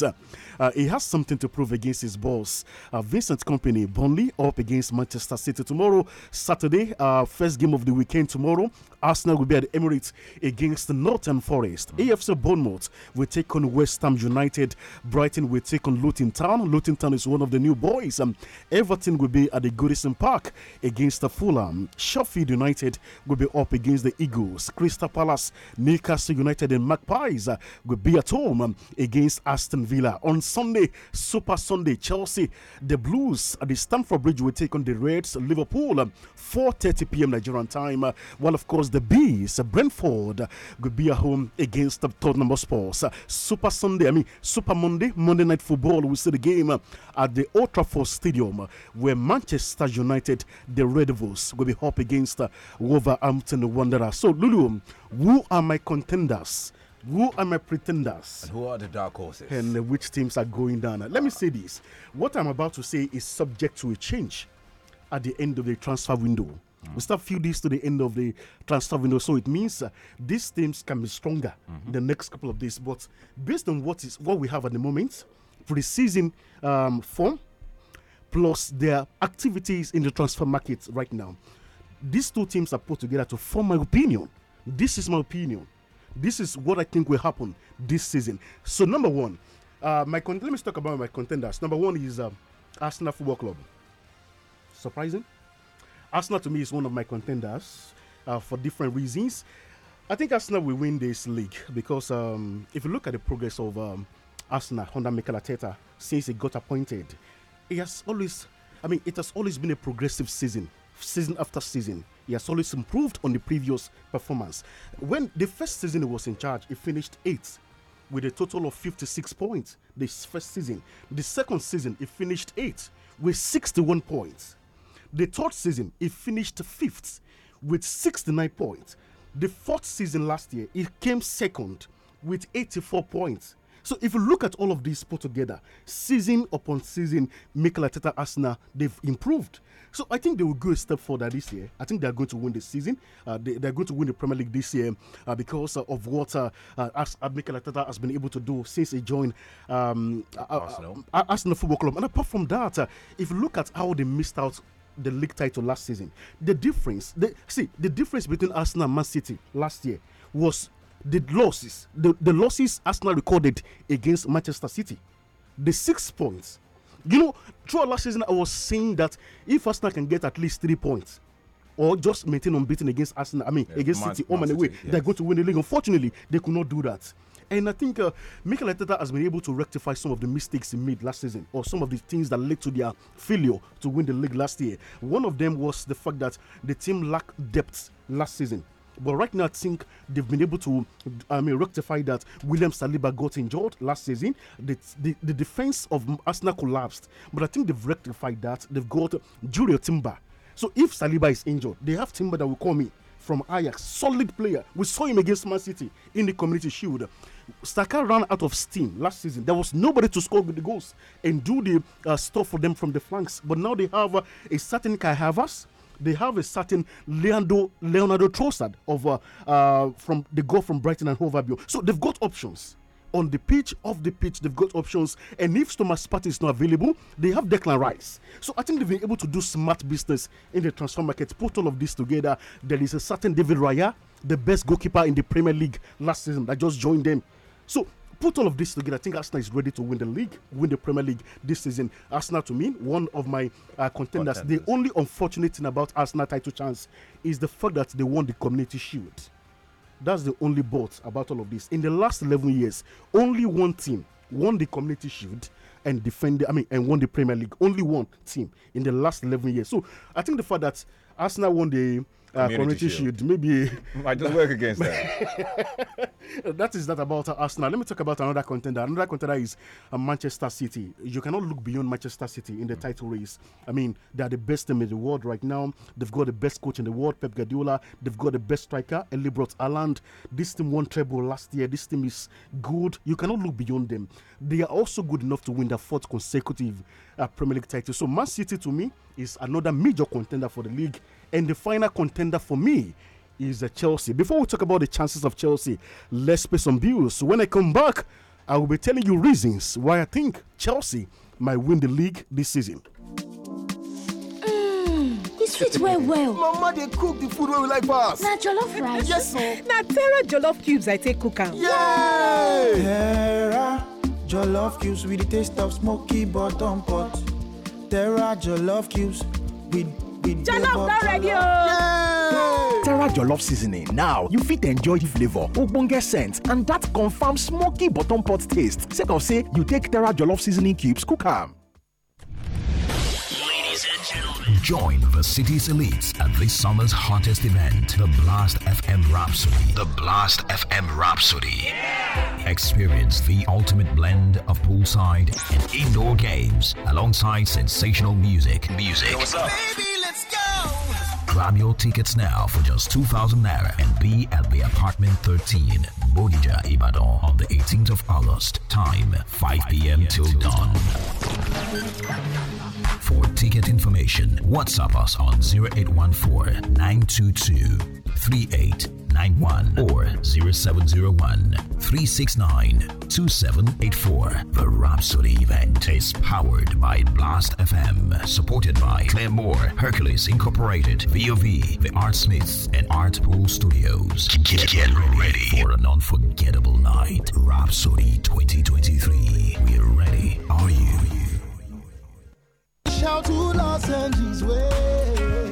he has something to prove against his boss, Vincent Company. Burnley up against Manchester City tomorrow. Saturday, uh, first game of the weekend tomorrow. Arsenal will be at Emirates against Northern Forest. Mm. AFC Bournemouth will take on West Ham United. Brighton will take on Luton Town. Luton Town is one of the new boys. Um, Everton will be at the Goodison Park against the Fulham. Sheffield United will be up against the Eagles. Crystal Palace, Newcastle United, and Magpies uh, will be at home um, against Aston Villa. On Sunday, Super Sunday, Chelsea, the Blues at the Stamford Bridge will take on the Reds, Liverpool, um, 4.30 p.m. Nigerian time. while, of course, the Bees, Brentford, will be at home against the Tottenham Sports. Super Sunday, I mean, Super Monday, Monday Night Football, we see the game uh, at the Old Trafford Stadium uh, where Manchester United, the Red Devils, will be up against uh, Wolverhampton Wanderers. So, Lulu, who are my contenders? Who are my pretenders? And who are the dark horses? And which teams are going down? Let ah. me say this. What I'm about to say is subject to a change at the end of the transfer window. Mm. We start few days to the end of the transfer window, so it means uh, these teams can be stronger mm -hmm. in the next couple of days. But based on what is what we have at the moment, preseason um, form plus their activities in the transfer market right now, these two teams are put together to form my opinion. This is my opinion this is what I think will happen this season. So, number one, uh, my let me talk about my contenders. Number one is um, Arsenal Football Club. Surprising. Arsenal to me is one of my contenders uh, for different reasons. I think Arsenal will win this league because um, if you look at the progress of um, Arsenal under Mikel Arteta since he got appointed, it has always, I mean, it has always been a progressive season, season after season he has always improved on the previous performance. When the first season he was in charge, he finished eighth with a total of 56 points this first season. The second season, he finished eighth with 61 points. The third season, he finished fifth with 69 points. The fourth season last year, he came second with 84 points. So if you look at all of these put together, season upon season, Mikel Arteta Arsenal, they've improved. So I think they will go a step further this year. I think they're going to win the season. Uh, they, are going to win the Premier League this year uh, because uh, of what uh, uh as, Mikel Arteta has been able to do since he joined um, uh, Arsenal. Arsenal Football Club. And apart from that, if you look at how they missed out the league title last season. The difference, the, see, the difference between Arsenal and Man City last year was the losses, the, the losses Arsenal recorded against Manchester City, the six points. You know, throughout last season, I was saying that if Arsenal can get at least three points, or just maintain unbeaten against Arsenal, I mean, yeah, against Man, City, home and away, they're going to win the league. Unfortunately, they could not do that. And I think uh, Mikel Arteta has been able to rectify some of the mistakes he made last season, or some of the things that led to their failure to win the league last year. One of them was the fact that the team lacked depth last season. But right now, I think they've been able to, I mean, rectify that. William Saliba got injured last season. The, the, the defense of Arsenal collapsed, but I think they've rectified that. They've got Julio Timber. So if Saliba is injured, they have Timber that will come in from Ajax, solid player. We saw him against Man City in the Community Shield. Saka ran out of steam last season. There was nobody to score the goals and do the uh, stuff for them from the flanks. But now they have uh, a certain Kai Havas they have a certain Leandro Leonardo Trossard of uh, uh, from the goal from Brighton and Hove Albion. So they've got options on the pitch, off the pitch, they've got options. And if Thomas Partey is not available, they have Declan Rice. So I think they've been able to do smart business in the transfer market. Put all of this together. There is a certain David Raya, the best goalkeeper in the Premier League last season, that just joined them. So put all of this together, I think Arsenal is ready to win the league, win the Premier League this season. Arsenal, to me, one of my uh, contenders. contenders. The only unfortunate thing about Arsenal title chance is the fact that they won the Community Shield. That's the only but about all of this. In the last 11 years, only one team won the Community Shield and defended, I mean, and won the Premier League. Only one team in the last 11 years. So I think the fact that Arsenal won the Ah, community, community shield. shield. Maybe I just work against that. that is that about Arsenal. Let me talk about another contender. Another contender is uh, Manchester City. You cannot look beyond Manchester City in the mm. title race. I mean, they are the best team in the world right now. They've got the best coach in the world, Pep Guardiola. They've got the best striker, Eli Brot Aland. This team won treble last year. This team is good. You cannot look beyond them. They are also good enough to win the fourth consecutive uh, Premier League title. So Man City, to me, is another major contender for the league. And the final contender for me is uh, Chelsea. Before we talk about the chances of Chelsea, let's pay some bills. When I come back, I will be telling you reasons why I think Chelsea might win the league this season. e mm, sweet well well mama they cook the food where we like pass Now, jollof rice yes o terra jollof cubes i take cook Yeah. yay terra jollof cubes with the taste of smoky bottom pot terra jollof cubes with be jollof don terra jollof seasoning now you fit enjoy the flavor, ogbonge scent and that confam smoky bottom pot taste Second, say you take terra jollof seasoning cubes cook am. Join the city's elites at this summer's hottest event, the Blast FM Rhapsody. The Blast FM Rhapsody. Yeah! Experience the ultimate blend of poolside and indoor games alongside sensational music. Music. what's up? Baby, let's go! Grab your tickets now for just 2,000 naira and be at the apartment 13, Bodija, Ibadan on the 18th of August. Time 5 p.m. till dawn. For ticket information, WhatsApp us on 0814 922 3891 or 0701 369 2784. The Rhapsody event is powered by Blast FM, supported by Claremore, Hercules Incorporated, VOV, The Art Smiths, and Art Pool Studios. Get, get ready, ready for an unforgettable night. Rhapsody 2023. We're ready. Are you? shout to Los Angeles way.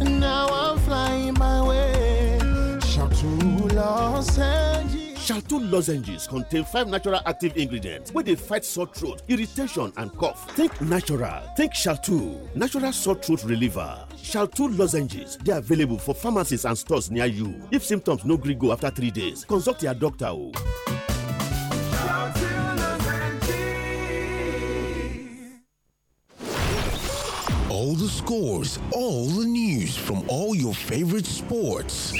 Now I'm flying my way. Shout to Los Angeles. Shaltung lozenges contain five natural active ingredients where they fight sore throat, irritation and cough. Think natural, think shalto. natural sore throat reliever. Shalto lozenges They are available for pharmacies and stores near you. If symptoms no gree after three days, consult your doctor oh. o. all the scores, all the news from all your favorite sports.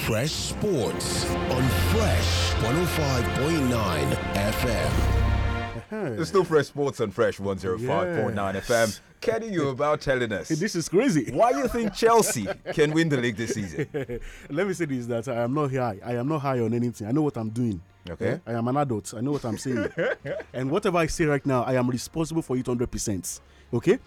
Fresh Sports on Fresh 105.9 FM. It's still Fresh Sports on Fresh 105.9 yes. FM. Kenny, you about telling us. This is crazy. Why you think Chelsea can win the league this season? Let me say this that I am not high. I am not high on anything. I know what I'm doing. Okay. I am an adult. I know what I'm saying. and whatever I say right now, I am responsible for it 100%. Okay?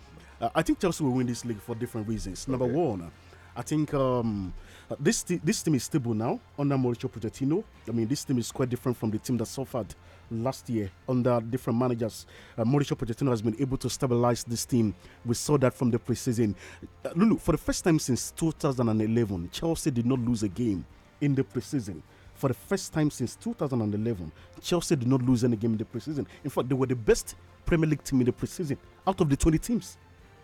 Uh, I think Chelsea will win this league for different reasons. Number okay. one, uh, I think um, uh, this this team is stable now under Mauricio Pochettino. I mean, this team is quite different from the team that suffered last year under different managers. Uh, Mauricio Pochettino has been able to stabilize this team. We saw that from the preseason. Uh, Lulu, for the first time since 2011, Chelsea did not lose a game in the preseason. For the first time since 2011, Chelsea did not lose any game in the preseason. In fact, they were the best Premier League team in the preseason out of the 20 teams.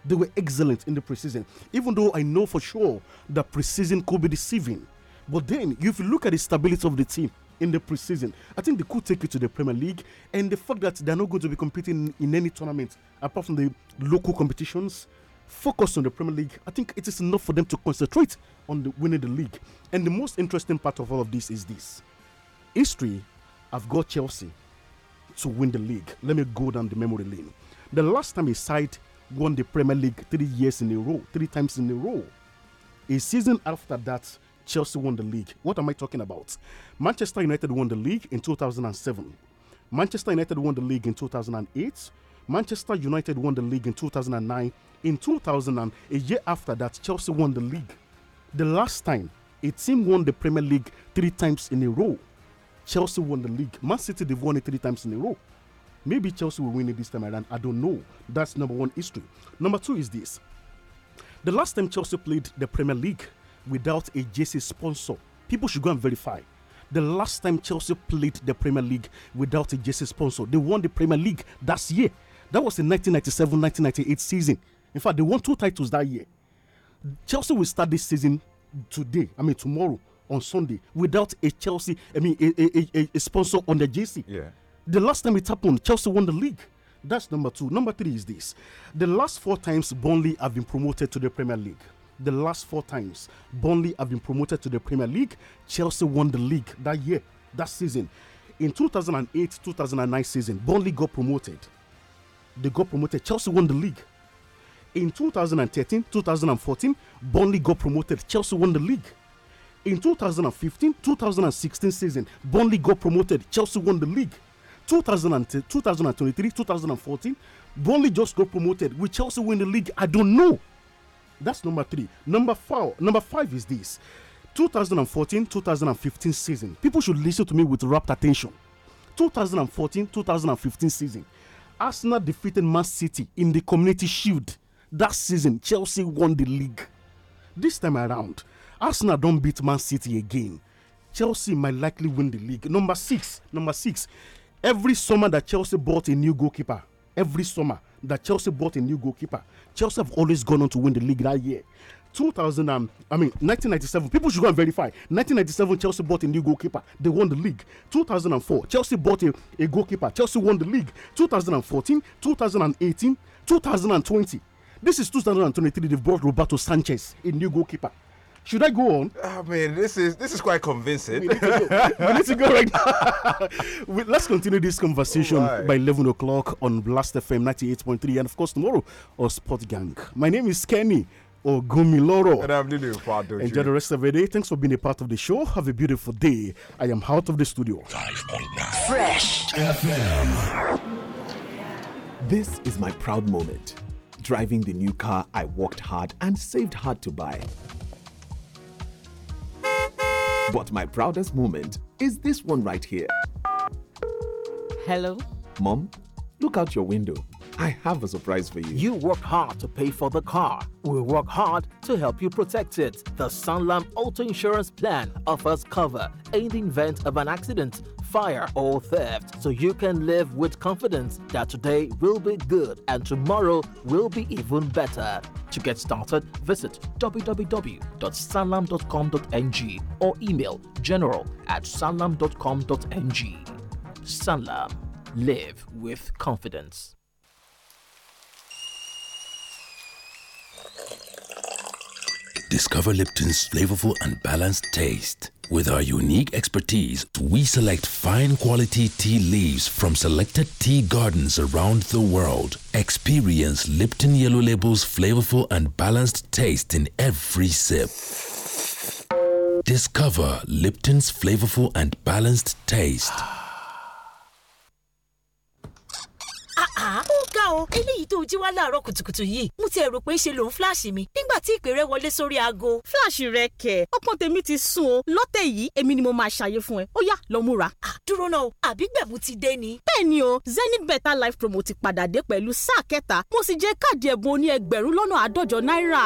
They were excellent in the preseason, even though I know for sure that preseason could be deceiving. But then, if you look at the stability of the team in the preseason, I think they could take it to the Premier League. And the fact that they're not going to be competing in any tournament apart from the local competitions, focus on the Premier League, I think it is enough for them to concentrate on the winning the league. And the most interesting part of all of this is this history. I've got Chelsea to win the league. Let me go down the memory lane. The last time he side won the Premier League three years in a row, three times in a row. A season after that, Chelsea won the league. What am I talking about? Manchester United won the league in 2007. Manchester United won the league in 2008. Manchester United won the league in 2009. In 2000, a year after that, Chelsea won the league. The last time a team won the Premier League three times in a row, Chelsea won the league. Man City, they've won it three times in a row. Maybe Chelsea will win it this time around. I don't know. That's number one history. Number two is this. The last time Chelsea played the Premier League without a JC sponsor, people should go and verify. The last time Chelsea played the Premier League without a JC sponsor, they won the Premier League that year. That was the 1997 1998 season. In fact, they won two titles that year. Chelsea will start this season today, I mean, tomorrow on Sunday, without a Chelsea, I mean, a, a, a, a sponsor on the JC. Yeah. The last time it happened, Chelsea won the league. That's number two. Number three is this the last four times Burnley have been promoted to the Premier League. The last four times Burnley have been promoted to the Premier League, Chelsea won the league that year, that season. In 2008 2009 season, Burnley got promoted. They got promoted. Chelsea won the league. In 2013 2014, Burnley got promoted. Chelsea won the league. In 2015 2016 season, Burnley got promoted. Chelsea won the league. 2000, 2023, 2014, Burnley just got promoted. Will Chelsea win the league? I don't know. That's number three. Number four, number five is this 2014 2015 season. People should listen to me with rapt attention. 2014 2015 season. Arsenal defeated Man City in the Community Shield. That season, Chelsea won the league. This time around, Arsenal don't beat Man City again. Chelsea might likely win the league. Number six, number six, Every summer that Chelsea bought a new goalkeeper, every summer that Chelsea bought a new goalkeeper, Chelsea have always gone on to win the league that year. 2000 um, I mean 1997 people should go and verify 1997 Chelsea bought a new goalkeeper they won the league 2004 Chelsea bought a, a goalkeeper Chelsea won the league 2014 2018 2020 this is 2023 they've brought Roberto Sanchez a new goalkeeper Should I go on? I ah, mean, this is this is quite convincing. We need to go, need to go right now. let's continue this conversation by 11 o'clock on Blast FM 98.3 and of course tomorrow on Sport Gang. My name is Kenny Ogumiloro. And I'm Lily Fado. Enjoy you? the rest of your day. Thanks for being a part of the show. Have a beautiful day. I am out of the studio. Fresh FM. This is my proud moment. Driving the new car I worked hard and saved hard to buy. But my proudest moment is this one right here. Hello? Mom, look out your window. I have a surprise for you. You work hard to pay for the car. We work hard to help you protect it. The Sunlam Auto Insurance Plan offers cover in the event of an accident fire, or theft, so you can live with confidence that today will be good and tomorrow will be even better. To get started, visit www.salam.com.ng or email general at salam.com.ng. Salam. Live with confidence. Discover Lipton's flavorful and balanced taste. With our unique expertise, we select fine quality tea leaves from selected tea gardens around the world. Experience Lipton Yellow Label's flavorful and balanced taste in every sip. Discover Lipton's flavorful and balanced taste. Uh-uh. o eléyìí tó jí wá láàárọ̀ kùtùkùtù yìí mo ti ẹ̀rù pé ṣe lòun fíláàṣì mi nígbà tí ìpè rẹ wọlé sórí aago. fíláàṣì rẹ kẹ ọpọ́n tèmi ti sùn o lọ́tẹ̀ yìí èmi ni mo máa ṣàyè fún ẹ ó yá lọ múra. dúró náà o àbí gbẹ̀mú ti dé ni. bẹ́ẹ̀ni o zenith better life promo ti padà dé pẹ̀lú sáà kẹta mo sì jẹ káàdì ẹ̀bùn oní ẹgbẹ̀rún lọ́nà àádọ́jọ náírà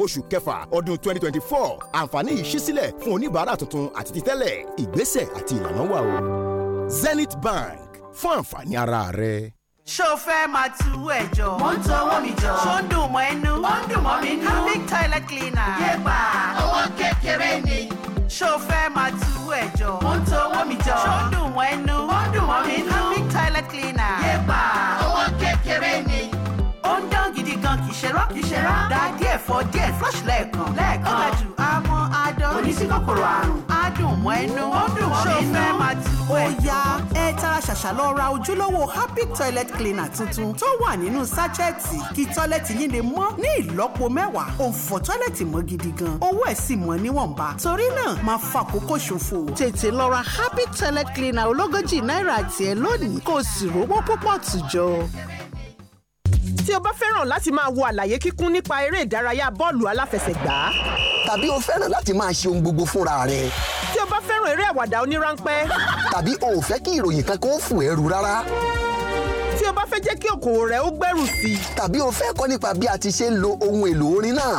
oṣù kẹfà ọdún 2024 àǹfààní yìí ṣí sílẹ̀ fún oníbàárà tuntun àti títẹ́lẹ̀ ìgbésẹ̀ àti ìlànà wà o. Zenith Bank fún àǹfààní ara rẹ. ṣó o fẹ́ máa tu ẹ̀jọ̀. mo ń tu owó mi jọ. ṣó ń dùn mọ́ ẹnu. ó ń dùn mọ́ mi nú. Hamid toilet cleaner. yé gbà owó kékeré ni. ṣó o fẹ́ máa tu kì í ṣe rán. da díẹ̀ fọ díẹ̀ flush lẹ́ẹ̀kan lẹ́ẹ̀kan. ó ga jù àmọ́ adán. kò ní sí kòkòrò àrùn. á dùn mọ́ ẹnu. ó dùn mọ́ mi inú. ṣòfò ó yá ẹ tara ṣàṣà lọ ra ojúlówó happy toilet cleaner tuntun tó wà nínú sáchẹ́ẹ̀tì kí tọ́lẹ́tì yín lè mọ́ ní ìlọ́po mẹ́wàá òun fọ tọ́lẹ́tì mọ́ gidi gan owó ẹ̀ sì mọ́ níwọ̀nba torí náà máa fa àkókò ṣòfò tètè lọ ra happy toilet cleaner ológójì náírà tiẹ̀ lónìí kó o sì rówó púpọ̀ tùjọ tí o bá fẹ́ràn láti máa wo àlàyé kíkún nípa eré ìdárayá bọ́ọ̀lù aláfẹsẹ̀gbá. tàbí o fẹ́ràn láti máa ṣe ohun gbogbo fúnra rẹ. tí o bá fẹ́ràn eré àwàdà oníránpẹ́. tàbí o ò fẹ́ kí ìròyìn kan kó fò ẹrù rárá. tí o bá fẹ́ jẹ́ kí okòwò rẹ ó gbèrú sí tàbí o fẹ́ kọ́ nípa bí a ti ṣe ń lo ohun èlò orin náà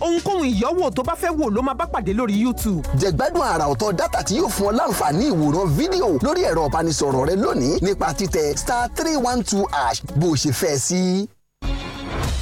ohunkóhun ìyọ́wò tó bá fẹ́ wò ló máa bá pàdé lórí YouTube. jẹ̀gbádùn àrà ọ̀tọ̀ dátà tí yóò fún ọ láǹfààní ìwòran fídíò lórí ẹ̀rọ ìbánisọ̀rọ̀ rẹ lónìí nípa títẹ̀ star three one two hash bó o ṣe fẹ́ sí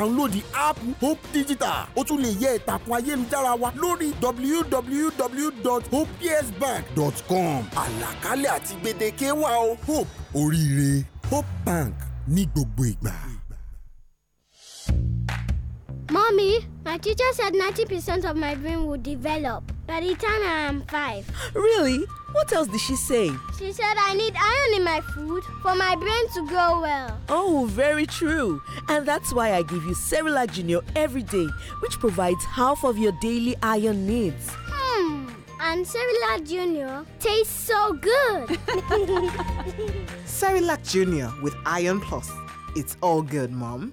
dàńlódì app hope digital O tún lè yẹ ìtàkùn ayélujára wa lórí www.hopepsbank.com àlàkalẹ̀ àti gbèdéke wa o hope oríire hope bank ní gbogbo ìgbà. Mommy, my teacher said ninety percent of my brain will develop by the time I am five. Really? What else did she say? She said I need iron in my food for my brain to grow well. Oh, very true. And that's why I give you Cerilac Junior every day, which provides half of your daily iron needs. Hmm. And Cerilac Junior tastes so good. Cerilac Junior with Iron Plus. It's all good, Mom.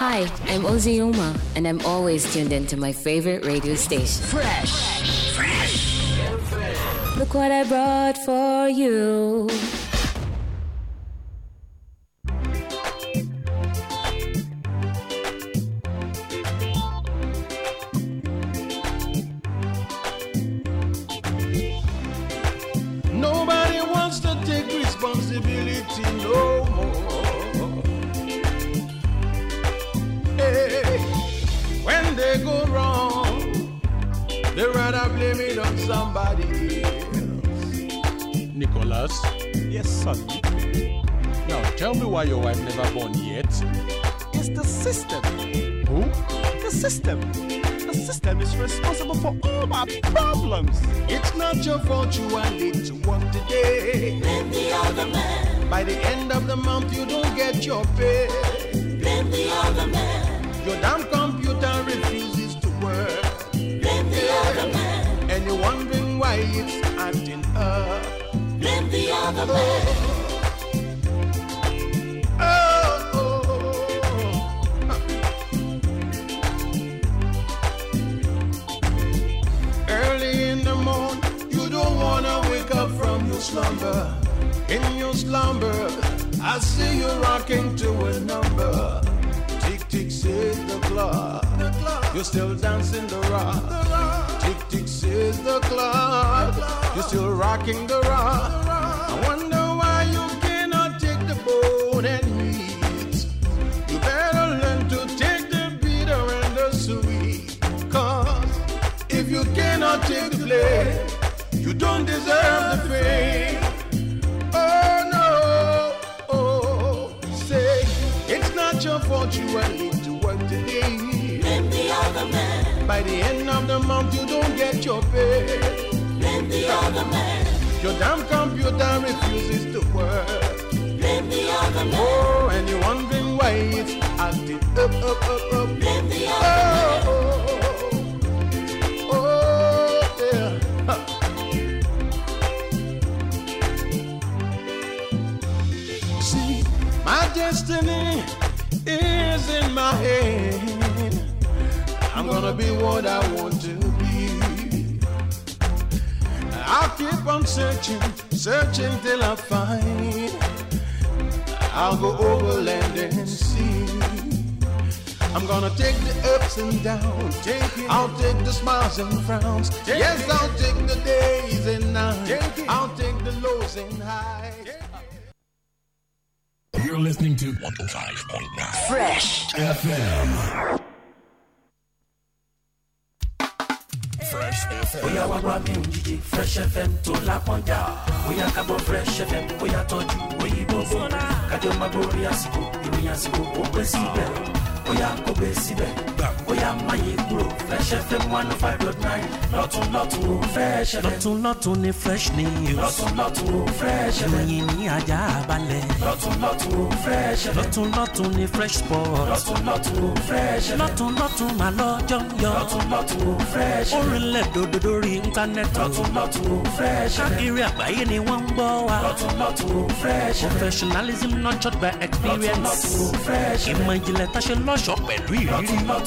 Hi, I'm Ozzy and I'm always tuned in to my favorite radio station. Fresh. Fresh. Look what I brought for you. Nobody wants to take responsibility, no. they go wrong, they rather blame it on somebody else. Nicholas? Yes, son. Now tell me why your wife never born yet. It's the system. Who? The system. The system is responsible for all my problems. It's not your fault you are late to work today. Blame the other man. By the end of the month, you don't get your pay. Blame the other man. Your damn computer wondering why it's acting up. Blame the other man. Oh, oh, Early in the morning, you don't wanna wake up from your slumber. In your slumber, I see you rocking to a number. Tick tick, says the clock. The clock. You're still dancing the rock. The rock. Tick tick this is the club. You're still rocking the rock. I wonder why you cannot take the bone and meat. You better learn to take the bitter and the sweet. Cause if you cannot take the blame, you don't deserve the fame. Oh no, oh, say it's not your fault you went to work today. By the end of the month, you don't get your pay. Blame the other man. Your damn computer refuses to work. Blame the other man. Oh, and you're wondering why it's acting up, up, up, up. Blame the other oh, man. Oh, oh, oh, yeah. See, My destiny is in my hands gonna be what I want to be. I'll keep on searching, searching till I find. I'll go over land and sea. I'm gonna take the ups and downs. Take I'll take the smiles and frowns. Take yes, it. I'll take the days and nights. Take I'll take the lows and highs. You're listening to 105.9 Fresh FM. fẹ́. bóyá wá wá mi ò jíjẹ fresh fm tó lápọ́njà bóyá kábọ̀ fresh fm bóyá tọ́jú òyìnbó bò kájọ máa borí àsìkò ìròyìn àsìkò ó pé síbẹ̀ bóyá kò pé síbẹ̀. gbà kú. bóyá mayi kúrò fresh fm one oh five dot lọ́tún lọ́tún fresh fm. lọ́tún lọ́tún ni fresh news. lọ́tún lọ́tún fresh fm. ròyìn ní ajá balẹ̀. lọ́tún lọ́tún fresh fm. lọ́tún lọ́tún ni fresh sport. lọ́tún lọ́tún fresh fm. lọ́tún lọ́tún mà lọ́jọ́ ń yọ. lọ́tún lọ́tún fresh fm. orílẹ̀ dòdò lórí íńtánẹ́ẹ̀tì. lọ́tún lọ́tún fresh fm. káàkiri àgbáyé ni wọ́n ń gbọ́ wa. lọ́tún lọ́tún fresh fm. professionalism nurtured by experience. lọ́tún lọ́tún fresh fm. ìmọ̀ ìjìnlẹ̀ tá a ṣe lọ́ṣọ̀ọ́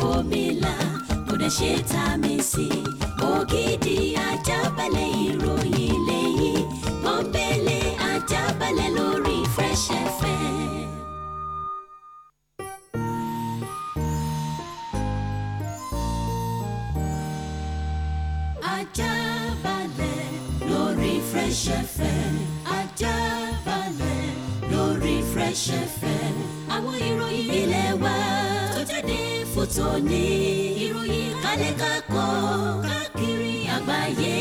bòmílà kò dẹ̀ ṣe tá a mi sí ògidì ajábalẹ̀ ìròyìn. òní ìròyìn kálẹ̀ kákọ́ káàkiri àgbáyé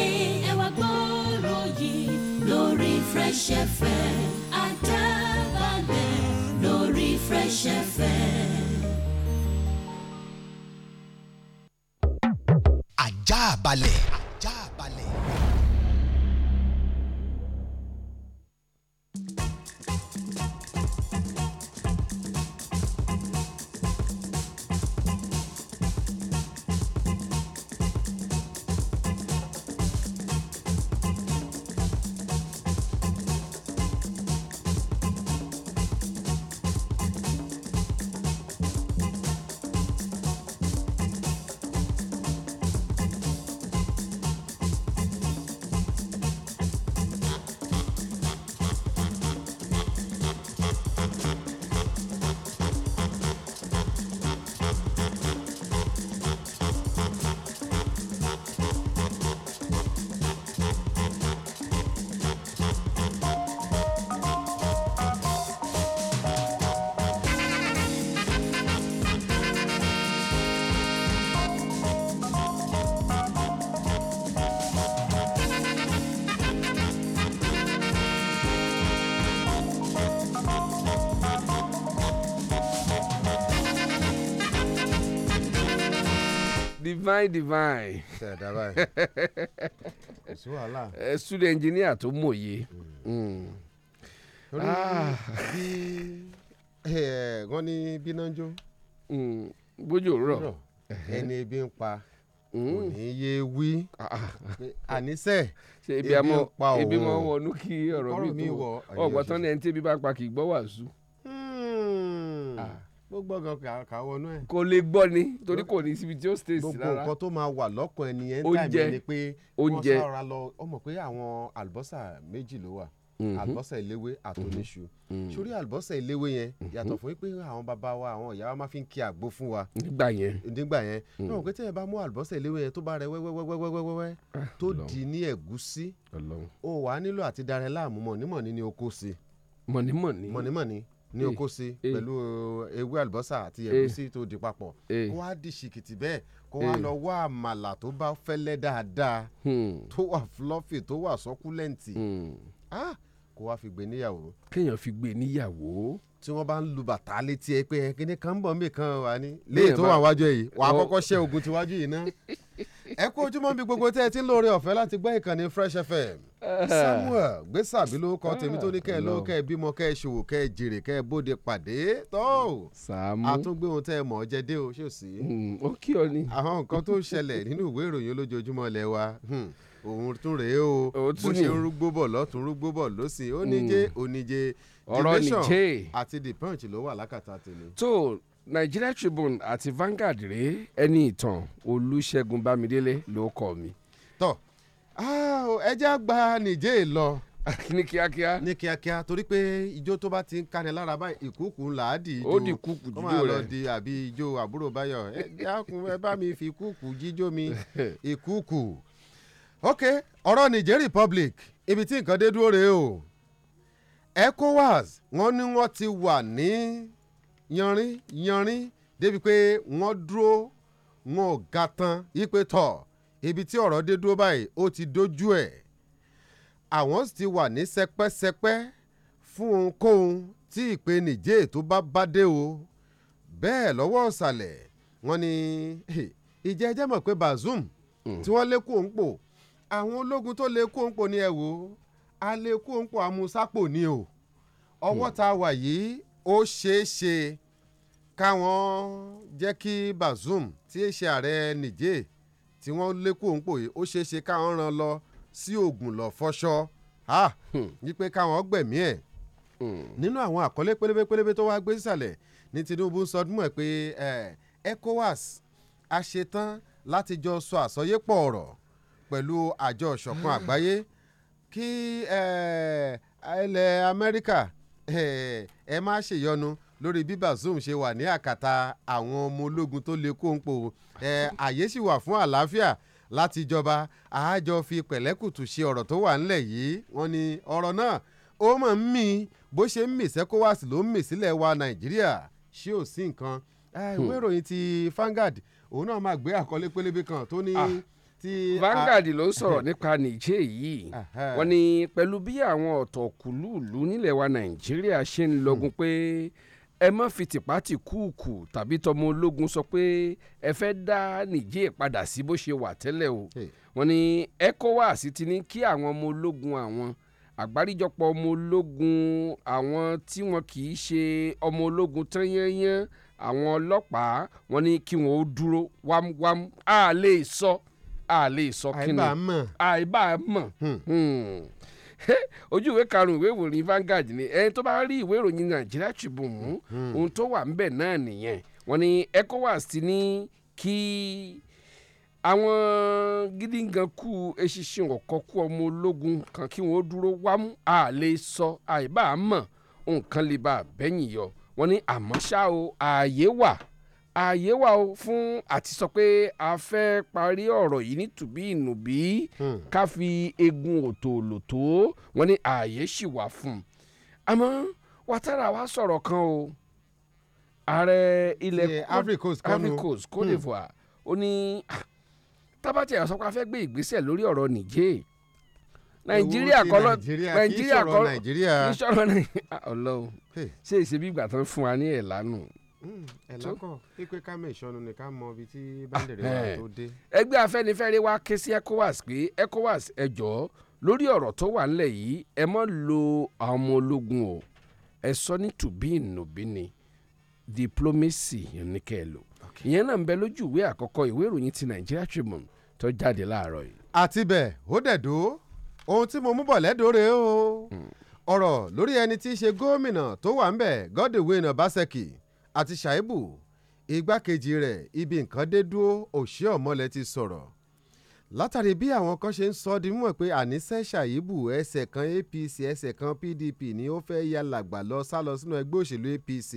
ẹ wá gbọ́rọ̀ yìí lórí Fresh FM lórí Fresh FM. Ajaabale. divine divine. ṣe ẹ̀dá báyìí kò sí wàhálà. ẹ student engineer tó mòye. Hmm. Hmm. torí ah. bí wọ́n ní bínájó. Hmm. bójú òwúrọ̀ ẹni ebi ń pa kò ní yé wí ah, ah. àníṣe ebi ń pa òun ebi mọ wọnú kí ọ̀rọ̀ mi tó ọgbọtán ní ẹni tí ebi bá pa kì í gbọ́ wàásù ó gbọ́dọ̀ kà wọnú ẹ̀. kò lè gbọ́ ni torí kò ní síbi tí ó stay sí rárá. gbogbo nǹkan tó máa wà lọ́kàn ẹni ẹ̀ ń tàbí ẹni pé wọ́n sára lọ ọmọ pé àwọn àlùbọ́sà méjì ló wà mm-hmm. àlùbọ́sà eléwé àtòníṣu mm-hmm. mm-hmm. sórí àlùbọ́sà eléwé yẹn yàtọ̀ fún pé àwọn bàbá wa àwọn ìyá wa máa fi ń kí àgbo fún wa. nígbà yẹn nígbà yẹn mm. náà pé tẹ́yẹ̀ bá mú àlùbọ́sà eléwé yẹn tó bá rẹ wẹ́wẹ́wẹ́wẹ́wẹ́ ah, tó di ní ẹ̀gúsí ó wàá nílò àti darẹ̀ láàmú mọ̀nímọ̀ní ni oko sí. mọ̀nímọ̀ní mọ̀nímọ̀ní ní eh, oko sí eh. pẹ̀lú eh, ewé àlùbọ́sà àti ẹ̀gúsí tó di papọ̀ kó wá di ṣìkìtì bẹ́ẹ̀ kó wá lọ wá àmàlà tó bá fẹ́lẹ́ dáadáa hmm. tó wà fluffy tó wà sọ́kúlẹ̀ǹtì hmm. ah! kó wá fi gbé níyàwó. kéèyàn fi gbé níyàwó. tí wọ́n bá ń lu bàtà létí ẹ pé kíní kan bọ̀ mí kan wà ní. léè tó wà wájú ẹ yìí wà á kọ́kọ́ ṣẹ́ ogun tiwájú yìí ná ẹ kú ojúmọ́ bí gbogbo tẹ́ ẹ ti ń lóore ọ̀fẹ́ láti gbọ́ ìkànnì fresh fm samuel gbèsàbí ló kọ́ tèmi tó ní kẹ́ ẹ lówó kẹ́ ẹ bímọ kẹ́ ẹ ṣòwò kẹ́ ẹ jèrè kẹ́ ẹ bóde pàdé tó àtúngbé ohun tẹ́ ẹ mọ̀ ọ́ jẹ dé o ṣé o sí. Hmm, ó kí ọ ni. àwọn nǹkan tó ń ṣẹlẹ̀ nínú ìwé ìròyìn olójoojúmọ́ lẹ̀ wa hmm, òun tún rèé o bó ṣe ń rúgbó bọ̀ lọ́tún rúgbó bọ̀ lósì oníje hmm. oníje ọ̀rọ̀ nìje àti the punch ló wà lákàtà tèmi. tó Nigeria Tribune àti Vanguard rèé ẹni ìtàn Olúṣẹ́gun Bámidélé ló kọ mi. tọ́ ẹja gba nìjẹ́ lọ. ní kíákíá. ní kíákíá torí pé ijó tó bá ti ń kani lára báyìí ìkúùkù ńlá di ijó ó di kúùkù jíjó rẹ ó máa lọ di àbí ijó àbúrò báyọ̀ ẹ dákun ẹ bá mi fi kúùkù jíjó mi ìkúùkù. ok ọ̀rọ̀ Niger Republic ibi tí nǹkan dé dúró rèé o ECOWAS wọ́n ní wọ́n ti wà ní yanrin yanrin débi pé wọ́n dúró wọn ò ga tán yípe tọ̀ ibi tí ọ̀rọ̀ dé dúró báyìí ó ti dojú ẹ̀ àwọn sì ti wà ní sẹpẹ́sẹpẹ́ fún ohunkóhun tí ìpè nìjẹ́ tó bá bá dé o bẹ́ẹ̀ lọ́wọ́ ọ̀sàlẹ̀ wọ́n ní ìjẹ́ ẹjẹ́ mọ̀ pé Bazoum hmm. tí wọ́n lé kú òǹpò àwọn ológun tó lé kú òǹpò ní ẹ wò á lé kú òǹpò àmúsápò ni o ọwọ́ hmm. ta wà yìí ó ṣeé ṣe káwọn jẹ́ kí Bazoum tí í ṣe ààrẹ Niger tí wọ́n lékò ń pòye ó ṣeé ṣe káwọn rán lọ sí ogun lọ fọṣọ wípé hmm. káwọn gbẹ̀mí ẹ̀ hmm. nínú àwọn àkọlé pélébépélébé tó wá gbé sísàlẹ̀ ní Tinubu sọdún ẹ̀ pé ECOWAS a ṣetán láti jọ sọ àsọyépọ̀ ọ̀rọ̀ pẹ̀lú àjọ ìṣọ̀kan àgbáyé kí ilẹ̀ Amẹ́ríkà ẹ má ṣèyọnu lórí bí Bazoum ṣe wà ní àkàtà àwọn ọmọ ológun tó lè kóńpò àyè sì wà fún àlàáfíà láti jọba àájọ fi pẹ̀lẹ́kùtù ṣe ọ̀rọ̀ tó wà ńlẹ̀ yìí wọ́n ní ọ̀rọ̀ náà ó mọ̀ ń mì bó ṣe ń mì sẹ́kọ́wàsì ló ń mì sílẹ̀ wa Nàìjíríà ṣé ò sí nǹkan ìwé hmm. ìròyìn ti Vanguard òun náà máa gbé àkọlé pélébé kan tó ní. Ah tí. Vanguard ló sọ̀rọ̀ nípa Niger yìí wọ́n ní pẹ̀lú bí àwọn ọ̀tọ̀kùlú ìlú nílẹ̀ wa Nàìjíríà ṣe ń lọ́gun hmm. pé ẹ má fi tìpátì kúùkù tàbí tọmọ ológun sọ pé ẹ fẹ́ dá Niger padà sí bó ṣe wà tẹ́lẹ̀ o wọ́n ní ECOWAS ti ní kí àwọn ọmọ ológun àwọn àgbáríjọpọ̀ ọmọ ológun àwọn tí wọn kì í ṣe ọmọ ológun tán àwọn ọlọ́pàá wọ́n ní kí wọn ó dúró wámúwámú a lè sọ. So a lè sọ kíni àìbá mọ̀ hmm. Hmm. ojú ìwé karùn-ún ìwé ìròyìn Vanguard ni ẹni tó bá rí ìwé ìròyìn Nàìjíríà Tribune mú hmm. ohun tó wà ńbẹ̀ náà nìyẹn wọ́n ní ECOWAS ti ní kí àwọn gidigan kú eṣinṣin ọ̀kọ́ kú ọmọ ológun kan kí wọ́n dúró wámú a sọ àìbá mọ̀ nǹkan lè ba àbẹ́yìn yọ wọ́n ní àmọ́ ṣá o ààyè wà ààyè wà ó fún àti sọ pé a fẹ́ parí ọ̀rọ̀ yìí nítùbí ìnùbí hmm. ká fi egun òtòòlò tó wọn ní ààyè sì wà fún un àmọ́ wàtàrà wa sọ̀rọ̀ kan o ààrẹ ilẹ̀ eh, Africoast Cote hmm. d'Ivoire ó ní ah, tábàtì àyàsọ́ pé a fẹ́ gbé ìgbésẹ̀ lórí ọ̀rọ̀ nìjẹ́ nàìjíríà kọlọ nàìjíríà kọlọ ìṣòro nàìjíríà ah, ọlọ́run ṣe ìṣèbí ìgbà tán fún wa ní ẹ̀ lánàá Hmm, ẹ̀lọ́kàn pípé ká mọ ìṣọ́nu ni ká mọ ibi tí báńdẹ̀rẹ̀ wà tó dé. ẹgbẹ́ afẹ́nifẹ́re wá ké sí ecowas pé ecowas ẹ jọ̀ọ́ lórí ọ̀rọ̀ tó wà ńlẹ̀ yìí ẹ mọ́ lo àwọn ọmọ ológun o ẹ sọ ní tùbíìnùbíni diplomacy ní kẹ́ ẹ lò ìyẹn náà ń bẹ lójú ìwé àkọ́kọ́ ìwé ìròyìn ti Nigeria Tribune tó jáde láàárọ̀ yìí. àti bẹ́ẹ̀ ó dẹ̀dó ohun tí mo mú bọ̀ lẹ́dọ̀ọ́rẹ́ o hmm. ọ̀rọ̀ lórí ẹni tí í ṣe gómìnà tó wà ń bẹ̀ Godwin Obaseki àti Shaibu igbákejì rẹ̀ ibi nǹkan dé dúró Òṣìọ̀mọlẹ̀ ti sọ̀rọ̀ látàrí bí àwọn kan ṣe ń sọ ọ́ di mímọ̀ pé àníṣe Ṣàyíbù ẹsẹ̀ kan APC ẹsẹ̀ kan PDP ni ó fẹ́ ya làgbà lọ sá lọ sínú ẹgbẹ́ òṣèlú APC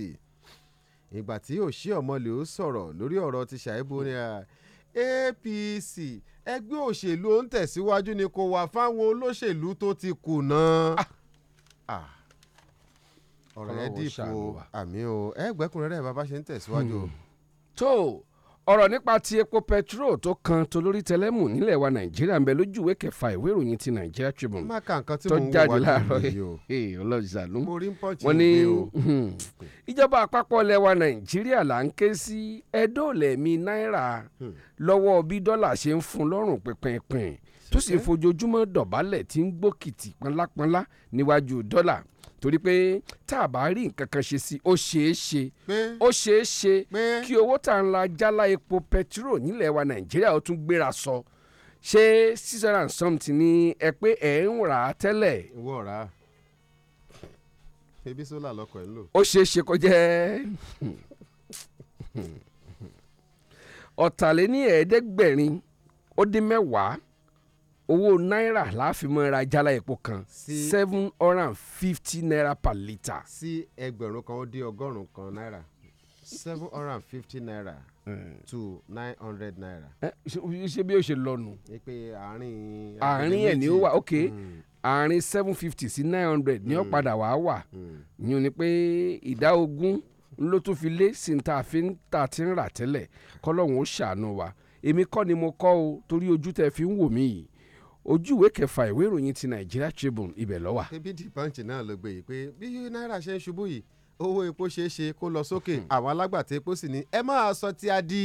ìgbà tí Òṣìọ̀mọlẹ̀ ó sọ̀rọ̀ lórí ọ̀rọ̀ ti Ṣàyíbù ni APC ẹgbẹ́ òṣèlú ó ń tẹ̀síwájú ni kò wà fáwọn olóṣèlú tó ti kùnà. Ah. Ah ọ̀rọ̀ dìpọ̀ àmì o ẹgbẹ́kùnrẹ́rẹ́ bàbá ṣe ń tẹ̀síwájú o. Hmm. tó ọ̀rọ̀ nípa ti epo petrol tó kan tó lórí tẹlẹ́mù nílẹ̀ wa nàìjíríà ń bẹ lójú ìwé kẹfà ìwé ìròyìn ti nàìjíríà Tribune tó jáde láàárọ̀ yìí ọlọ́ọ̀sà ló wọ́n ní hmm, ìjọba àpapọ̀ ilẹ̀ wa nàìjíríà là ń ké sí ẹ̀dọ́ọ̀lẹ̀mí náírà hmm. lọ́wọ́ bí dọ́là ṣe ń fún lọ́rùn pínpín tó sì fojoojúmọ́ dọ̀bálẹ̀ tí ń gbókìtì pọnlápọnlá níwájú dọ́là torí pé tá a bá rí nǹkan kan ṣe sí i ó ṣeé ṣe ó ṣeé ṣe kí owó tá à ń la jálá epo pẹtiró nílẹ̀ wa nàìjíríà ó tún gbéra sọ ṣé six hundred and something ni ẹ pé ẹ ń rà á tẹ́lẹ̀. ìwọ rà á ebi sólà lọkọ̀ ẹ̀ lò. ó ṣeé ṣe kó jẹ́ ẹ̀ẹ́dẹ́gbẹ̀rin ó dín mẹ́wàá owó náírà la fi máa ra jálá epo kan seven hundred and fifty naira per litre. sí ẹgbẹ̀rún kan ó dín ọgọ́rùn-ún kan náírà seven hundred and fifty naira eh. to nine hundred naira. Eh, ṣé bí o ṣe lọ nù. ẹ pé àárín. àárín ẹ̀ ni ó wà ok hmm. àárín seven fifty sí nine hundred ni ó hmm. padà wàá wà hmm. ni ó ní pé ìdá ogún ló tún fi lé sí ta fi ń ta ti ń rà tẹ́lẹ̀ kọ́lọ́hún ó ṣàánú wa èmi kọ́ ni mo kọ́ o torí ojú tẹ fi ń wò mí yìí ojú ìwé kẹfà ìwé ìròyìn ti Nigeria Tribune ibẹ̀ ló wà. ibi di punch náà ló gbé yìí pé bí náírà ṣe ń ṣubú yìí owó epo ṣeé ṣe kó lọ sókè hmm. àwọn alágbàtà epo sì ní ẹ máa sọ tí a di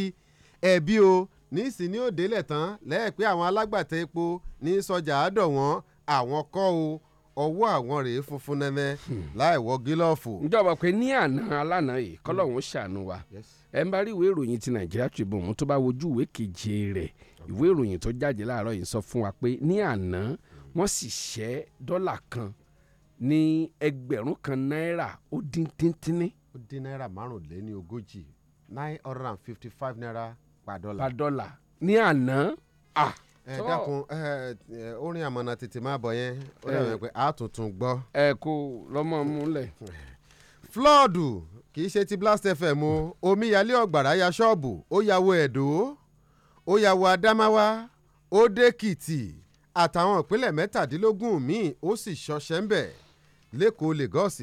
ẹbí o níìsín ní òdélẹ̀ tán lẹ́ẹ̀pẹ́ àwọn alágbàtà epo ní sọjà àádọ́ wọn àwọn kọ́ o ọwọ́ àwọn rèé funfun nẹ́nẹ́ hmm. láì wọ gílọ́ọ̀fù. ìjọba pé ní àná alánà yìí kọ́lọ́hún hmm. ṣàánú wa ẹ̀ ń bá rí ìwé ìròyìn ti Nigeria Tribune tó bá wojú ìwé keje rẹ̀ ìwé ìròyìn tó jáde láàárọ̀ yìí sọ fún wa pé ní àná wọ́n sì ṣẹ́ dọ́là kan ní ẹgbẹ̀rún kan náírà ó dín tíntínní. ó dín náírà márùnléní ogójì nine hundred and fifty five naira per dollar. per dollar ní àná. ah ẹ dákun ẹ orin àmọ̀nà tètè máa bọ̀ yẹn ó dẹ̀ wẹ̀ pé a tuntun gbọ́. ẹ kò lọ́mọ múlẹ̀. flọ́ọ̀dù kì í ṣe ti blast fm o omíyalé ọ̀gbàrá ya ṣọ́ọ̀bù ó yàwó ẹ̀dọ́ ó ya wọ Adamawa ó dèkìtì àtàwọn ìpínlẹ̀ mẹ́tàdínlógún míì ó sì ṣọṣẹ́ ń bẹ̀ lẹ́kọ̀ọ́ Lagos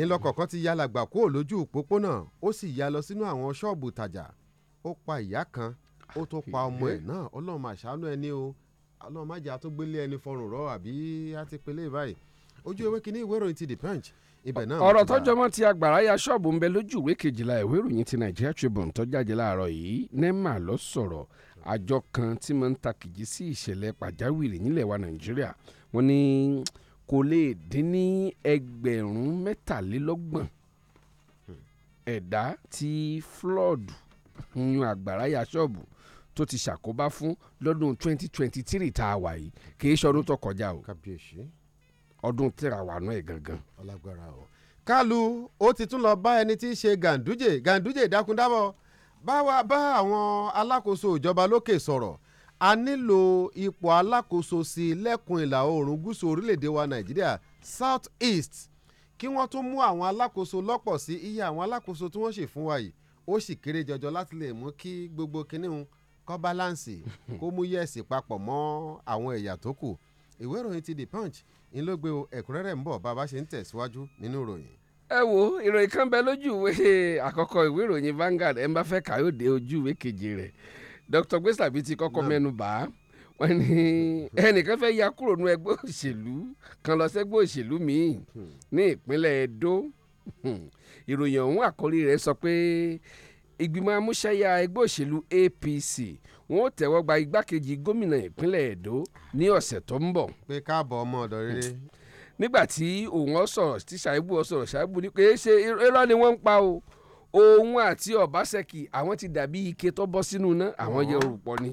ńlọkọ̀ọ̀kan ti ya làgbà kúrò lójú òpópónà ó sì ya lọ sínú àwọn ṣọ́ọ̀bù tajà ó pa ìyá kan ó tó pa ọmọ ẹ̀ náà ọlọ́run àṣàánú ẹni o ọlọ́run má jẹ́ àtúgbélé ẹni fọrùn rọ àbí á ti pelé báyìí ojú ewé kínní ìwé ìròyìn ti The Punch ibẹ̀ náà ọ̀rọ̀ tọ́jọ́ mọ́ ti agbára ya ṣọ́ọ̀bù ń bẹ lójú ìwé kejìlá ìwé ìròyìn ti Nigeria Tribune tó jáde láàárọ̀ yìí nema ló sọ̀rọ̀ àjọ kan tí mo ń takìjì sí ìṣẹ̀lẹ̀ pàjáwìrì nílẹ̀ wa Nàìjíríà wọ́n ní kò lè dín ní ẹgbẹ̀rún mẹ́tàlélọ́gbọ̀n ẹ̀dá tí flood yun àgbàrá ya ṣọ́ọ̀bù tó ti ṣàkóbá fún lọ́dún 2023 tá a wà yìí kì í ṣọdún tó kọjá o. kàbíyèsí ọdún tíra wà náà gangan. ọlágbára o. kálu ó ti tún lọ bá ẹni tí í ṣe Ganduje Ganduje dákundábọ̀ báwa bá àwọn alákòóso ìjọba lókè sọ̀rọ̀ a nílò ipò alákòóso sí i lẹ́kùn ìlà oòrùn gúúsù orílẹ̀-èdè wa Nàìjíríà South East kí wọ́n tún mú àwọn alákòóso lọ́pọ̀ sí iye àwọn alákòóso tí wọ́n ṣe fún wa yìí ó sì kéré jọjọ láti lè mú kí gbogbo kinní kọ́ báláǹsì kó mú yẹ̀sì papọ̀ mọ́ àwọn ẹ̀yà tó kù ìwé ìròyìn ti The Punch ń ló gbé o ẹ̀kúnrẹ́rẹ́ ń bọ̀ bá a bá ṣe ń tẹ̀síwájú nínú ìròyìn. ẹ wo ìròyìn kan bẹ lójú ìwé àkọ́kọ́ ìwé ìròyìn Vanguard ẹ ń bá fẹ́ kà yóò dé ojú ìwé keje rẹ̀ Dr. Gbèsàbí ti kọ́kọ́ mẹ́nu bà á wọ́n ẹnìkan fẹ́ ya kúrò nú ẹgbẹ́ òṣèlú kan lọ sẹ́gbẹ́ òṣèlú míì ní ìpínlẹ̀ Edo hmm. ìròyìn ọ̀hún àkórí rẹ̀ sọ pé ìgbìmọ̀ amúṣẹ́yà ẹgbẹ́ òṣèlú APC wọn ó tẹ́wọ́ gba igbákejì gómìnà ìpínlẹ̀ Èdó ní ọ̀sẹ̀ tó ń bọ̀. pé káàbọ̀ ọmọ ọ̀dọ̀ rere. nígbà tí òun ọ tí Ṣàìbù ọ Ṣàìbù ni pé ṣe irọ́ ni wọ́n ń pa o òun àti Ọbaṣẹ́kì àwọn ti dàbí ike tó bọ́ sínú iná àwọn yẹ orúpọ̀ ni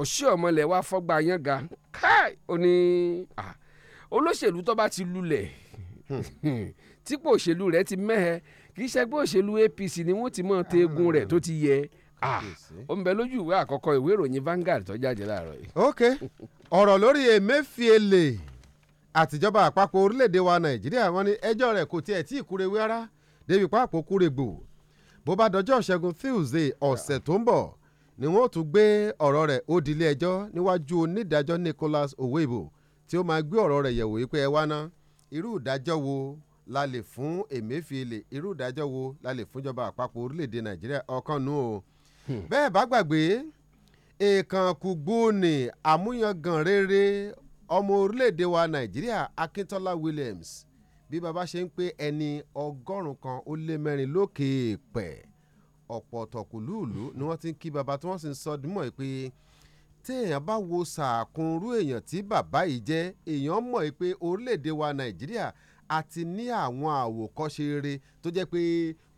òṣì ọmọlẹ̀ wa fọ́gbà yán ga káì ó olóṣèlú tó bá ti lulẹ̀ hmm. típò òṣèlú rẹ̀ ti mẹ́hẹ kì í ṣẹgbẹ́ òṣèlú APC ni wọ́n ti mọ̀ tegun rẹ̀ tó ti yẹ Ah, ó ń bẹ lójú ìwé àkọ́kọ́ ìwé ìròyìn Vanguard tó jáde láàárọ̀ yìí. ok ọ̀rọ̀ lórí Emefiele àtijọba àpapọ̀ orílẹ̀-èdè wa Nàìjíríà wọ́n ní ẹjọ́ rẹ̀ kò tiẹ̀ tí ì kúrewé rárá débi pápó kúregbò bó bá dọjọ́ ṣẹ́gun Tuesday ọ̀sẹ̀ tó ń bọ̀ ni wọ́n tún gbé ọ̀rọ̀ rẹ̀ ó di ẹjọ́ níwájú onídàájọ́ Nicholas Owebo tí ó máa gbé ọ̀rọ̀ rẹ̀ yẹ̀wò yìí pé ẹ wá ná irú ìdájọ́ wo la lè fún Emefiele irú ìdájọ́ wo la lè fúnjọba àpapọ̀ orílẹ̀-èdè Nàìjíríà ọkàn nù o bẹ́ẹ̀ bá gbàgbé èèkànkùgbóni àmúyangàn rere ọmọ orílẹ̀-èdè wa nàìjíríà akíntọ́lá williams bí baba ṣe ń pé ẹni ọgọ́rùn-ún kan ó lé mẹ́rin lókè pẹ̀ ọ̀pọ̀ tọ̀kùlùlù ni wọ́n ti ń kí baba tí wọ́n sì ń sọ ọdún mọ́ pé téèyàn bá wo sàkúnrú èèyàn tí bàbá yìí jẹ́ èèyàn mọ̀ pé orílẹ̀-èdè wa nàìjíríà àti ní àwọn àwòkọ́ṣe rere tó jẹ́ pé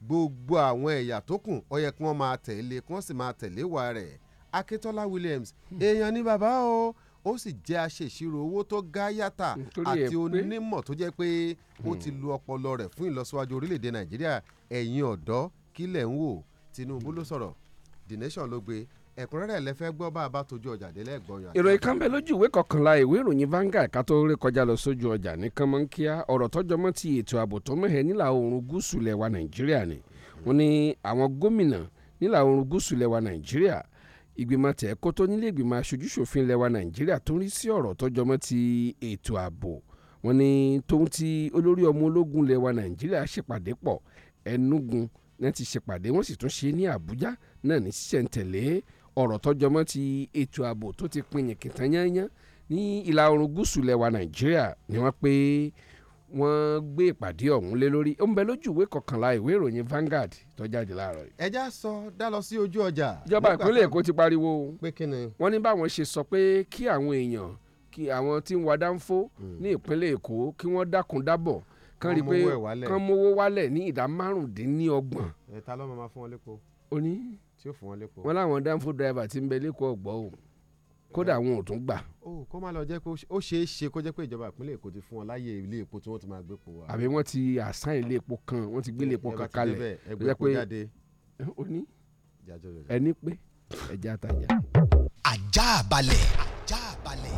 gbogbo àwọn ẹ̀yà tó kù ó yẹ kí wọ́n máa tẹ̀lé kí wọ́n sì máa tẹ̀lé wa rẹ̀ Akíntọ́lá Williams hmm. èèyàn ni bàbá o ó sì jẹ́ aṣèṣirò owó tó gá yàtà àti onímọ̀ tó jẹ́ pé ó ti hmm. lu ọpọlọ rẹ̀ fún ìlọsíwájú orílẹ̀-èdè Nàìjíríà ẹ̀yin ọ̀dọ́ kílẹ̀ ń wò Tinubu ló sọ̀rọ̀ The Nation ló gbé ẹ̀kúnrẹ́rẹ́ lẹ́fẹ́ gbọ́ bá a bá tójú ọjà délẹ̀ gbọ́yọ̀. ìròyìn kan bẹ lójú ìwé kọkànlá ìwé ìròyìn Vanguard ká tó rí kọjá lọ sójú ọjà ní kánmọ́nkíá ọ̀rọ̀ tọ́jọ́ mọ́ ti ètò ààbò tó mẹ́hẹ̀ nílà oòrùn gúúsù lẹ̀wà Nàìjíríà ni wọ́n ní àwọn gómìnà nílà oòrùn gúúsù lẹ̀wà Nàìjíríà ìgbìmọ̀ tẹ̀ kó tó nílé ìgbìmọ̀ aṣojúṣòfin lẹ̀wà Nàìjíríà tó ń rí sí ọ̀rọ̀ ọ̀rọ̀ tọ́jọmọ́ ti ètò ààbò tó ti pin yìnkì tán yányán ní ìlà oòrùn gúúsù lẹwa nàìjíríà ni wọ́n pé wọ́n gbé ìpàdé ọ̀hún lé lórí ó ń bẹ lójú ìwé kọkànlá ìwé ìròyìn Vanguard tó jáde láàárọ̀ yìí. ẹja sọ dá lọ sí ojú ọjà. ìjọba ìpínlẹ̀ èkó ti pariwo wọ́n ní báwọn ṣe sọ pé kí àwọn èèyàn kí àwọn tí ń wa dáńfó hmm. ní ìpínlẹ̀ èkó kí wọ́n dákun dábọ̀ kán rí i pé kán mówó wálẹ̀ ní ìdá márùndínlọ́gbọ̀n. ẹ̀ta lọ́mọ máa fún wọn lẹ́kọ̀ọ́. ó ní tí ó fún wọn lẹ́kọ̀ọ́. wọ́n láwọn dánfó driver ti ń bẹ lẹ́kọ̀ọ́ gbọ́ o kódà wọn ò tún gbà. ó kó má lọ jẹ́ pé ó ṣeé ṣe kó jẹ́ pé ìjọba ìpínlẹ̀ èkó ti fún wọn láyè ilé epo tí wọ́n ti máa gbé po wa. àbí wọ́n ti àṣà ilé epo kan wọ́n ti gbé ilé epo kan kalẹ̀ tó pé ó ní ẹni pé ẹja tajà. ajá balẹ̀. ajá balẹ̀.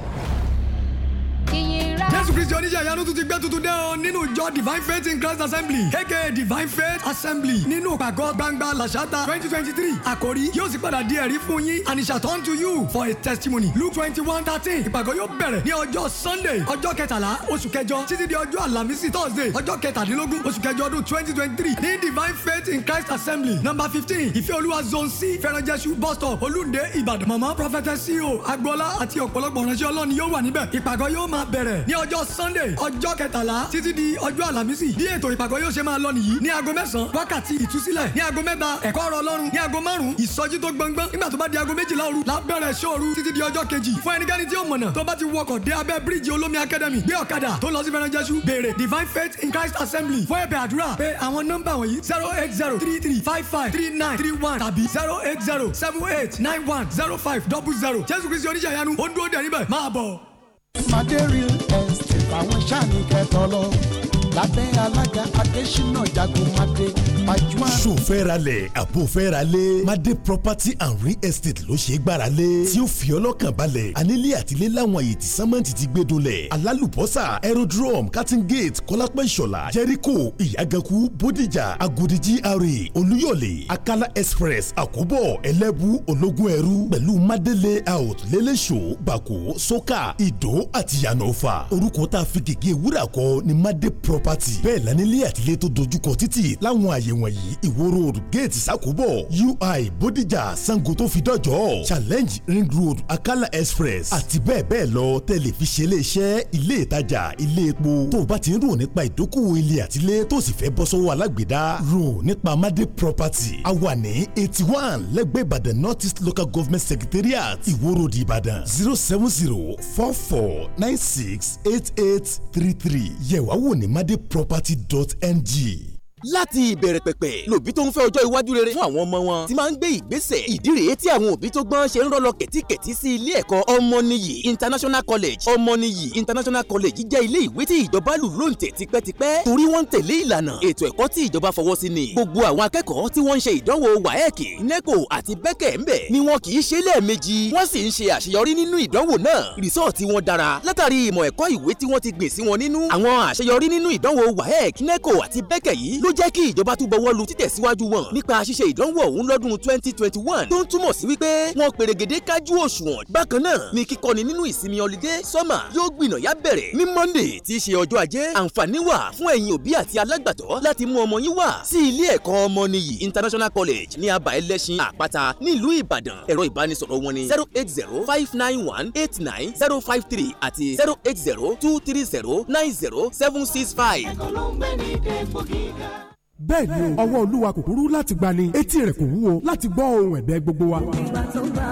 kíyìn jésù kristi oníṣẹ́ ìyanu tún ti gbé tuntun dé ọ nínú ìjọ divine faith in christ assembly aka divine faith assembly nínú pàgọ́ gbangba làṣàtà twenty twenty three àkòrí yóò sì padà di ẹ̀rí fún yín and it shall turn to you for a testimony luke twenty one thirteen ìpàgọ́ yóò bẹ̀rẹ̀ ní ọjọ́ sunday ọjọ́ kẹtàlá oṣù kẹjọ títí di ọjọ́ àlàmísì thursday ọjọ́ kẹtàdínlógún oṣù kẹjọ ọdún twenty twenty three ní divine faith in christ assembly number fifteen ìfẹ́ olúwa zone c fẹ́rànjẹ́sù bus stop olúndé ìbàdàn mọ̀mọ́ prophetess ceo agboola àti ọ̀pọ̀lọpọ̀ ránṣẹ́ ọlọ́run yóò wà níbẹ̀ ìpàgọ́ yóò máa bẹ̀rẹ̀ ní ọjọ́ sunday ọjọ́ kẹtàlá títí di ọjọ́ àlàmísì bí ètò ìpàgọ́ yóò ṣe máa lọ nìyí ní aago mẹ́sàn-án wákàtí ìtúsílẹ̀ ní aago mẹ́ta ẹ̀kọ́ ọ̀rọ̀ ọlọ́run ní aago márùn-ún ìsọjí tó gbọngbọ́n nígbà tó bá di aago méjìlá òru lábẹ́rẹ̀ ṣóoru títí di ọjọ́ kejì fún ẹnikẹ́ni tí ó mọ̀nà tó bá ti wọkọ̀ dé abẹ́ bíríìjì olómi academy gbé ọ̀kadà tó lọ sí fẹ́rẹ́jẹ́sú béèrè divine faith in christ assembly fún ẹ̀bẹ̀ àdúrà pé àwọn nọ́mbà wọ̀nyí zero eight zero three three five five three nine three one tàbí zero eight zero seven eight nine one zero five double zero jésù kristi oníṣẹ́ ìyanu ó dúró dẹ̀ níbẹ̀ máa bọ̀. Màdé real estate àwọn sáà ní kẹtọ lọ lábẹ́ alága Adésínà Jagunmadé pajúmọ́. sofẹ́ralẹ̀ àbúfẹ́ralẹ̀ madé property and real estate ló ṣe gbára lé tí ó fi ọlọ́kàn balẹ̀ anílé àtìlé láwọn àyè tí sámẹ́ǹtì ti gbé dolẹ̀ alálùbọ́sà aerodrome cutting gate kọ́lápẹ́ ìṣọ̀lá jẹ́ríkò ìyàgànkù bódìjà agodi gra olúyọ̀lé akala express àkóbọ̀ ẹlẹ́bù ológun ẹrú pẹ̀lú madé layout lẹ́lẹ́ṣọ́ bàkó sọ́kà ìdó àti yànnọ́fà orúkọ tá a fi gègé wúrà kọ ni madé property bẹ́ẹ̀ lánílé àtìlé tó dojúkọ títì láwọn àyè wọ̀nyí ìwó road gate sakobo ui Bodija Sangoto tó challenge ring road akala express àti bẹ́ẹ̀ bẹ́ẹ̀ lọ tẹlifíṣẹ́ iléeṣẹ́ ilé ìtajà ilé epo tó o bá ti ń rò nípa ìdókòwò ilé àtilẹ̀ tó sì fẹ́ bọ́ sọ́wọ́ alágbèédá rò nípa amadé property a wà ní eighty one lẹ́gbẹ̀ẹ́ ìbàdàn north east local government secretariat ìwó road ìbàdàn zero seven zero four four nine six eight eight three three yẹ̀wá wò ní NG láti ìbẹ̀rẹ̀ pẹ̀pẹ̀ lòbí tó ń fẹ́ ọjọ́ iwájú rere fún àwọn ọmọ wọn ti máa ń gbé ìgbésẹ̀ ìdí rèé tí àwọn òbí tó gbọ́n ṣe ń rọ́lọ kẹ̀tíkẹ̀tí sí ilé ẹ̀kọ́ ọmọnìyí international college ọmọnìyí international college jẹ́ ilé ìwé tí ìjọba lù lóǹtẹ̀ tipẹ́tipẹ́ torí wọ́n ń tẹ̀lé ìlànà ètò ẹ̀kọ́ tí ìjọba fọwọ́ sí ni gbogbo àwọn akẹ́kọ̀ọ́ tí wọ́n ń ṣe ìdánwò wáẹ́ẹ̀kì neco àti bẹ́kẹ̀ ni wọn kì í ṣe lẹ́ẹ̀mejì wọ́n sì ń ṣe àṣeyọrí nínú ìdánwò náà rìsọ́ọ̀tì wọn dára látàrí ìmọ̀ ẹ̀kọ́ ìwé tí wọ́n ti gbìn sí wọn nínú àwọn àṣeyọrí nínú ìdánwò wáẹ́ẹ̀kì ó jẹ́ kí ìjọba tún bọwọ́ lu títẹ̀síwájú wọn nípa ṣíṣe ìdánwò ọ̀hún lọ́dún twenty twenty one tó ń túmọ̀ sí wípé wọn pèrègèdè kájú òṣùwọ̀n bákan náà ni kíkọ́ni nínú ìsinmi ọlidé sọ́mà yóò gbìnàyà bẹ̀rẹ̀ ní monday tí í ṣe ọjọ́ ajé àǹfààní wà fún ẹ̀yin òbí àti alágbàtọ́ láti mú ọmọ yín wá sí ilé ẹ̀kọ́ ọmọnìyí international college ní aba ẹlẹ́ṣin àpáta nílùú ìbàdàn ẹ̀rọ ìbánisọ̀rọ̀ wọn ni zero eight zero five nine one eight nine zero five three àti zero eight zero two three zero nine zero seven six five. ẹ̀kọ́ ló ń gbé ní ipò gíga bẹ́ẹ̀ ni ọwọ́ olúwa kò kúrú láti gbani etí rẹ̀ kò wúwo láti gbọ́ ohùn ẹ̀bẹ̀ gbogbo wa. ìgbà tó bá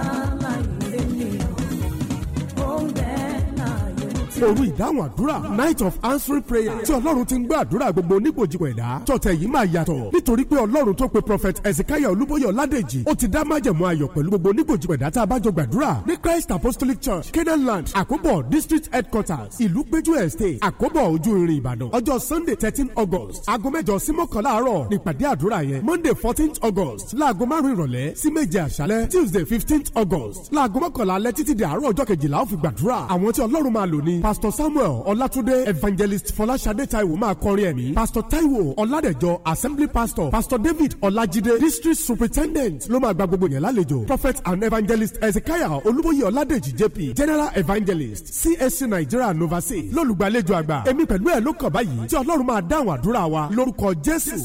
fún ìdáhùn àdúrà night of answering prayer tí ọlọ́run ti ń gbọ́ àdúrà gbogbo onígbòjìpọ̀ ẹ̀dá tọ̀tẹ̀ yìí máa yàtọ̀ nítorí pé ọlọ́run tó pe prophet ezekiah olúbóyè ọládèjì ó ti dá májẹ̀mú ayọ̀ pẹ̀lú gbogbo onígbòjìpọ̀ ẹ̀dá tá a bá jọ gbàdúrà ní christ apostolic church canaan land àkóbọ̀ district headquarters ìlú péjú estate àkóbọ̀ ojú irin ìbàdàn ọjọ́ sunday thirteen august aago mẹ́jọ sí mọ́kànlá àárọ̀ nípàdé àdúrà yẹn monday fourteen august láago márùn ìrọ̀lẹ́ sí méje àṣálẹ́ tuesday fifteen august láago mọ́kànlá alẹ́ títí di àárọ̀ ọjọ́ kejìlá ó fi gbàdúrà àwọn tí ọlọ́run máa lò ní pastor samuel ọlátúndé evangelist fọláṣadé taiwo máa kọrin ẹ̀mí pastor taiwo ọládẹjọ assembly pastor pastor david ọlájídé district superintendent ló máa gba gbogbo yẹn lálejò prophet and evangelist ezekiah olúbóyè ọládèjì jp general evangelist csc nigeria nova state lólùgbàlejò àgbà èmi pẹ̀lú ẹ̀ ló kàn báyìí tí ọlọ́run máa dáhùn àdúrà wa lórúkọ jésù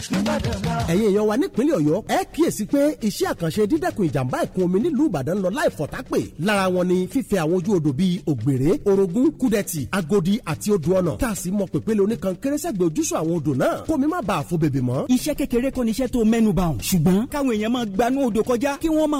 ẹ̀yin èèyàn wa nípínlẹ̀ ọ̀yọ́ ẹ kíyèsí pé iṣẹ́ àkànṣe dídẹ́kun ìjàmbá ìkún omi nílùú ìbàdàn lọ láì fọ̀tápè lára wọn ni fífẹ́ àwọn ojú odò bíi ògbèrè orogún kúdẹ̀tì agodi àti odò ọ̀nà tá a sì mọ pèpele oníkan kérésẹ́gbẹ̀ ojúṣọ àwọn odò náà kó mi má bàa fo bèbè mọ́. iṣẹ́ kékeré kọ́ ni iṣẹ́ tó mẹ́nu bà ọ̀hún ṣùgbọ́n káwọn èèyàn máa gbanú odò kọjá kí wọ́n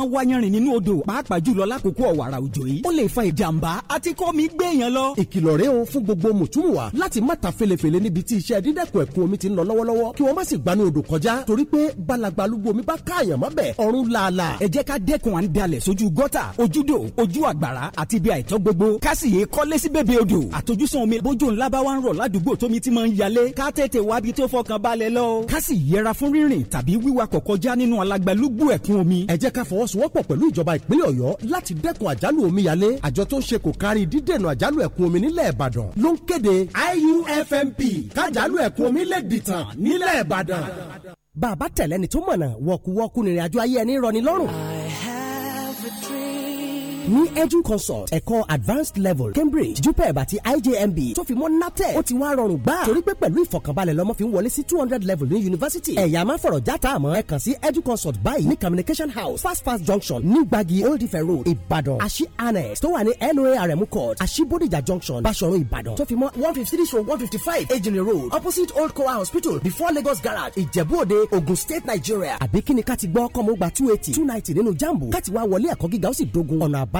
o fún gbogbo mùtúmùwà láti má ta felefele níbi tí iṣẹ́ dídẹ́kun ẹ̀kún omi ti ń lọ lọ́wọ́lọ́wọ́ kí wọ́n gb gbanú odò kọjá torí pé balagba arúgbó mi bá káàyàn mọ́bẹ̀ ọ̀run làálà ẹ jẹ́ ká dẹ́kun à ń dalẹ̀ sójú gọ́tà ojúdò ojú àgbàrá àti ibi àìtọ́ gbogbo kásìyè kọ́lé sí bèbè odò àtojúsùn omi bójú ńlá bá wà ń rọ̀ ládùúgbò tómi ti máa ń yalé ká tètè wábi tó fọkàn balẹ̀ lọ. kásì yẹra fún rírìn tàbí wíwa kọ̀kọ́já nínú alagbalúgbú ẹ̀kún omi. ẹ jẹ́ ká fọwọ́sowọ́pọ̀ pẹ̀lú ìjọba ìpínlẹ̀ ọ̀yọ́ láti dẹ́kun àjálù omíyalé àjọ tó IUFMP kájálù ẹ̀kún omi lè dìtàn nílẹ̀ ìbàdàn bàbá tẹ̀lẹ́ni tó mọ̀nà wọ̀kúwọ́kú nìrìn àjò ayé ẹni rọ̀ ní lọ́rùn ní educonsult ẹ̀kọ́ advanced level cambridge jupeb àti ijmb tó fi mọ́ natec ó ti wá rọrùn gbà torí pé pẹ̀lú ìfọ̀kànbalẹ̀ lọ́mọ fi ń wọlé sí two hundred level ní yunifásitì ẹ̀yà máa fọ̀rọ̀ játa àmọ́ ẹ kàn sí educonsult báyìí ní communication house fast fast junction ní gbagi old ife road ìbàdàn àṣì annex tó wà ní noarm court àṣì bódìjà junction báṣọ̀run ìbàdàn tó fi mọ́ one fifty three to one fifty five ejinle road opposite old kowa hospital before lagos garage ìjẹ̀bú-òde ogun state nigeria àbí kíni ká ti gbọ́ kọ́mọ́gbà two eighty two ninety nínú jambu ká ti wá wọlé ẹ̀kọ́ gíga ó sì dogun ọ̀nà àbá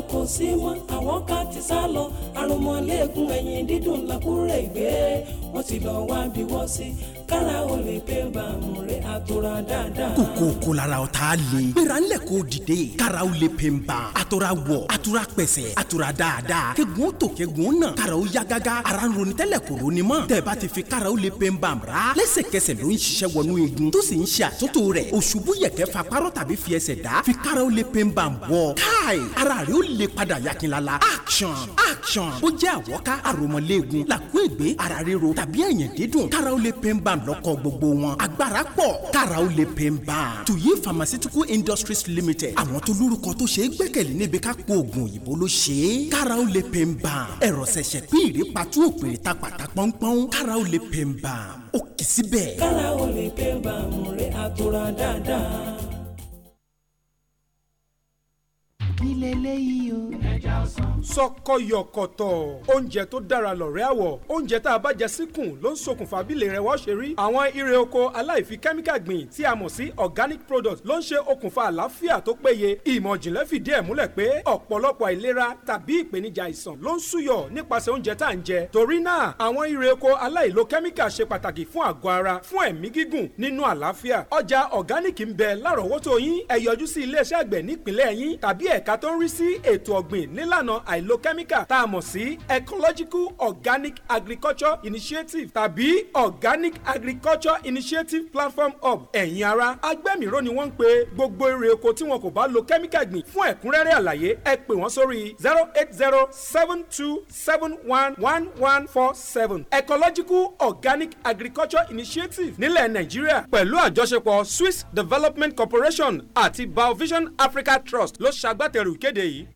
kan kò sí mọ́ àwọn ká ti sá lọ àrùnmọ́lẹ́gùn ẹ̀yìn dídùn làkúrẹ́ ìgbé wọ́n ti lọ wá bí wọ́n sí kára o lè pé bàmù rẹ̀ àtòrà dáadáa. kòkó kò lára ọ̀tá le. gbéra ńlẹ̀ kò dìde. kára o lè pè ń àtòrà wọ̀ àtòrà pẹ̀sẹ̀ àtòrà dáadáa. kegun tó kegun náà. kára o ya gágá. ara ń ronú tẹ́lẹ̀ kò ronú mọ́. tẹ̀bá ti fi kára o lè pè ń bà mọ́ra. lẹ́sẹ̀kẹsẹ̀ ló ń ṣiṣẹ́ wọnú igun. tó sì ń ṣe àtúntò rẹ̀. òṣùbù yẹ̀kẹ́ fa párọ̀ tàbí fi ẹsẹ̀ dá. fi kára o lè padà yakinlala action action ó jẹ́ àwọ́ká àròmọléegun làkúègbé ara ríro tàbí ẹ̀yìn dídùn kára ó lè pín bá lọ́kọ̀ gbogbo wọn agbára pọ̀ kára ó lè pín bá. tuyi pharmaceutical industries limited àwọn tó lórúkọ tó ṣe é gbẹ́kẹ̀lé níbi ká po oògùn òyìnbó ló ṣe é kára ó lè pín bá ẹ̀rọ ṣẹ̀ṣẹ̀ pín ìrèpàtú òpèrè tapàtà pọ́npọ́n kára ó lè pín bá ó kì í síbẹ̀. kára ó lè pín bá mú rẹ̀ àtúrà dáadáa Olha aí, sọkọyọkọtọ oúnjẹ tó dára lọ̀rẹ́ àwọ̀ oúnjẹ tá a bá jẹ síkùn ló ń ṣokùnfà bílẹ̀ rẹ̀ wọ́n ṣe rí àwọn irè oko aláìfi kẹ́míkà gbìn tí a mọ̀ sí organic product ló ń ṣe okùnfà àlàáfíà tó péye ìmọ̀ ìjìnlẹ̀ fìdí ẹ̀ múlẹ̀ pé ọ̀pọ̀lọpọ̀ àìlera tàbí ìpèníjà àìsàn ló ń súyọ nípasẹ̀ oúnjẹ tá à ń jẹ torí náà àwọn irè oko aláìlo kẹ́míkà ṣe pàtàkì fún àgọ́ ara fún ẹ̀mí gígùn nínú àlàáfíà ọjà organic ń bẹ lárọ̀ọ́wọ́tó yín ẹ yọjú sí iléeṣẹ́ àgbẹ̀ nípìnlẹ̀ yín tàbí ẹ̀ka tó ń rí sí ètò ọ̀gbìn ọ̀gbìn nílànà àìlo tá a mọ̀ sí ecological organic agriculture initiative tàbí organic agriculture initiative platform hub ẹ̀yin ara agbẹ́mìíràn ni wọ́n ń pe gbogbo èrè oko tí wọn kò bá lo kẹ́míkà gbìn fún ẹ̀kúnrẹ́rẹ́ àlàyé ẹ pè wọ́n sórí zero eight zero seven two seven one one one four seven ecological organic agriculture initiative nílẹ̀ nàìjíríà pẹ̀lú àjọṣepọ̀ swiss development corporation àti biovision africa trust ló ṣàgbàtẹ̀rù ìkéde yìí.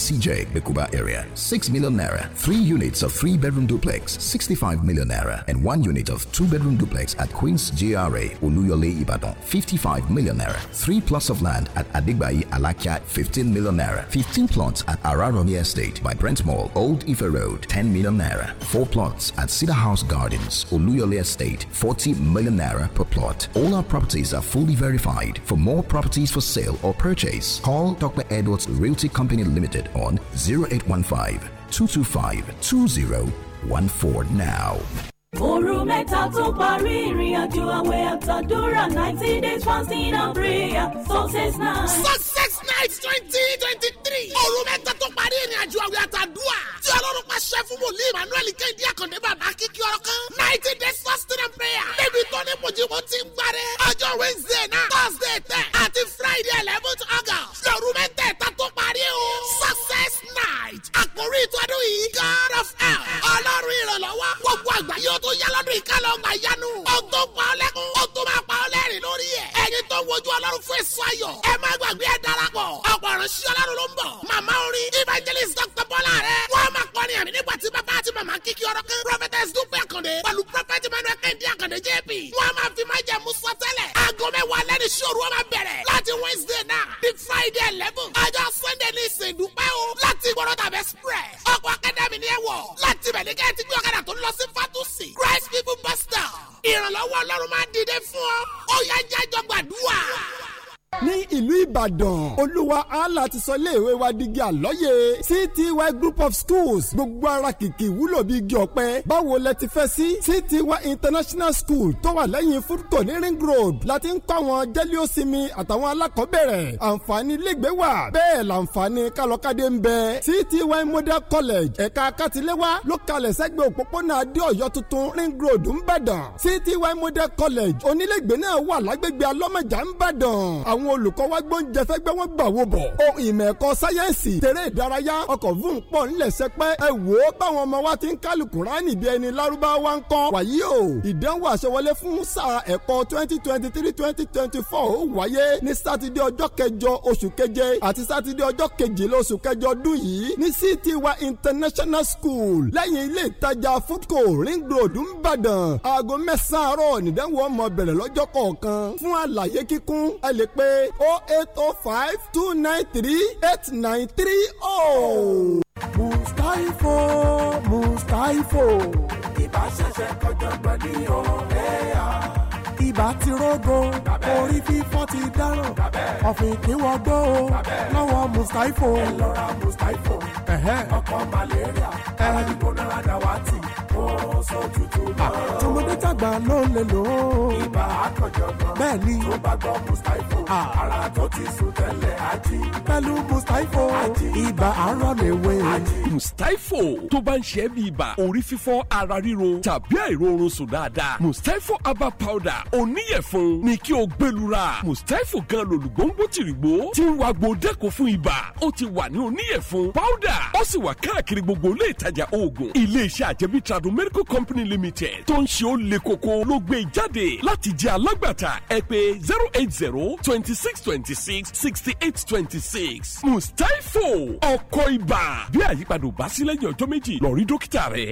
CJ Bekuba area, 6 million naira. Three units of three bedroom duplex, 65 million naira. And one unit of two bedroom duplex at Queen's GRA, Uluyole Ibadan, 55 million naira. Three plots of land at Adigbai Alakia, 15 million naira. 15 plots at Araromi Estate by Brent Mall, Old Ife Road, 10 million naira. Four plots at Cedar House Gardens, Uluyole Estate, 40 million naira per plot. All our properties are fully verified. For more properties for sale or purchase, call Dr. Edwards Realty Company Limited on 0815-225-2014 now. Òru mẹ́ta tó parí àwẹ̀ àtàdúrà ninety days fasting and prayer success night. success night twenty twenty three. Òru mẹ́ta àjò àwẹ̀ àtàdúrà. tí pàṣẹ Emmanuel kéde àkàndé bàbá kíkí ọ̀rọ̀ kan. ninety days fasting and prayer. tó ní ti ń ọjọ́ wednesday náà thursday ten àti friday eleven august. mẹ́ta. ọlọ́run yìí god of help ọlọ́run ìrànlọ́wọ́ gbogbo àgbáyé o tó yá lọ́dún ìkálọ̀ ọgbà yanu o tó pa ọ lẹ́kún o tó máa pa ọ lẹ́rìn lórí ẹ̀ ẹ̀yin tó wojú ọlọ́run fún èso ayọ̀ ẹ má gbàgbé ẹ darapọ̀ ọ̀pọ̀ ìránṣẹ́ ọlọ́run ló ń bọ̀ màmá orin evangelist dr bọ́lá rẹ wọ́n máa kọrin àmì nígbà tí bàbá àti màmá kíkí ọ̀rọ̀ kan prophetess dúpẹ́ àkàndé pẹ̀lú prophet emmanuel kẹ́ndé àkàndé jp wọ́n máa fi máa jẹ musa tẹ́lẹ̀ aago mẹ́wàá lẹ́ni ṣòro ọmọ bẹ̀rẹ̀ láti wednesday náà di friday eleven ọjọ́ sunday ní ìsìn ìdúpẹ́ o láti gbọ́dọ̀ tàbí express ọ rẹ̀ ní kẹ́hìn tí gbé ọ̀kadà tó ń lọ sí fatusi Christ people pastor ìrànlọ́wọ́ Ọlọ́run máa dìde fún ọ ó yá jájọ gbàdúrà ní ìlú ìbàdàn olúwa allah ti sọ iléèwé wa digi àlọ́yè cty group of schools gbogbo ara kìkì wúlò bí igi ọ̀pẹ báwo lẹ ti fẹ́ sí cty international school tó wà lẹ́yìn fúdùkọ̀ ní ring road láti ń kọ́ àwọn jẹ́líọ́sìmì àtàwọn alákọ̀ọ́bẹ̀rẹ̀ àǹfààní ilégbèé wà bẹ́ẹ̀ làǹfààní kálọ̀kadé ń bẹ cty model college ẹ̀ka kátìléwá ló kalẹ̀ sẹ́gbẹ̀ẹ́ òpópónà adé ọ̀yọ́ tuntun ring road ńbàdàn cty model college onílégbèé náà wà lágbègbè alọ́mọjà ńbàdàn àwọn àwọn olùkọ́ wa gbóúnjẹ fẹ́gbẹ́ wọ́n gbà wo bọ̀. ohun ìmọ̀ ẹ̀kọ́ sáyẹ́ǹsì eré ìdárayá ọkọ̀ vùn pọ̀ ńlẹ̀ sẹpẹ́ ẹ wò báwọn ọmọ wa ti ń kálù kùránì bí ẹni lárúbáwá ń kọ́. wàyí o ìdánwò àṣewọlé fún sáà ẹ̀kọ́ twenty twenty three twenty twenty four ó wáyé ní sátidé ọjọ́ kẹjọ oṣù keje àti sátidé ọjọ́ kejìlá oṣù kẹjọ ọdún yìí ní city international school lẹ́yìn ilé ìtajà foodco ring road ńbàdàn aago mẹ́sàn-án àárọ̀ nìdánwò ọmọ bẹ̀rẹ̀ lọ́jọ́ kọ̀ọ̀kan fún àlàyé kíkún ẹ lè pe pé eight oh five two nine three eight nine three oh. mustaifo mustaifo ìbáṣẹ̀ṣẹ̀ kọjọ́ gbọ́dí ọ̀hún ẹ̀yà ibà ti rógo orí fífọ́ ti dáràn ọ̀fìn ìpínwọ́gbó o lọ́wọ́ mùsítáífò. ẹ lọ ra mùsítáífò ọkọ̀ malaria aládìgbóná àdáwátì ó sọ tútù náà. Ah, tọmọdé tàgbà ló ń lè lò ó. ibà àkànjọ̀gbọ́n bẹ́ẹ̀ ni tó bá gbọ́ mùsítáífò ah. ara tó ti sùn tẹ́lẹ̀ ají. pẹ̀lú mùsítáífò ibà arọ lè wé. tó bá ń ṣe é bí ibà orí fífọ́ ara ríro tàbí àìróorun sùn dáadáa mùsítáífò herbal powder oníyẹ̀fun ni kí o gbẹlura mustapha gan lòlùgbòǹgbò tìrìgbò ti ń wa gbòdẹ́kọ̀ fún ibà ó ti wà ní oníyẹ̀fun powder ó sì wà káàkiri gbogbo ilé ìtajà oògùn iléeṣẹ́ àjẹmí tradu medical company limited tó ń ṣe ó le koko ló gbé e jáde láti jẹ́ alágbàtà ẹ pè zero eight zero twenty six twenty six sixty eight twenty six mustapha ọkọ̀ ibà bí àyípadà ò bá sí lẹ́yìn ọjọ́ méjì lọ rí dókítà rẹ.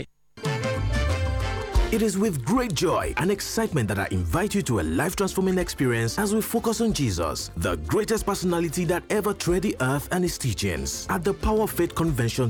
It is with great joy and excitement that I invite you to a life transforming experience as we focus on Jesus, the greatest personality that ever tread the earth and his teachings, at the Power of Faith Convention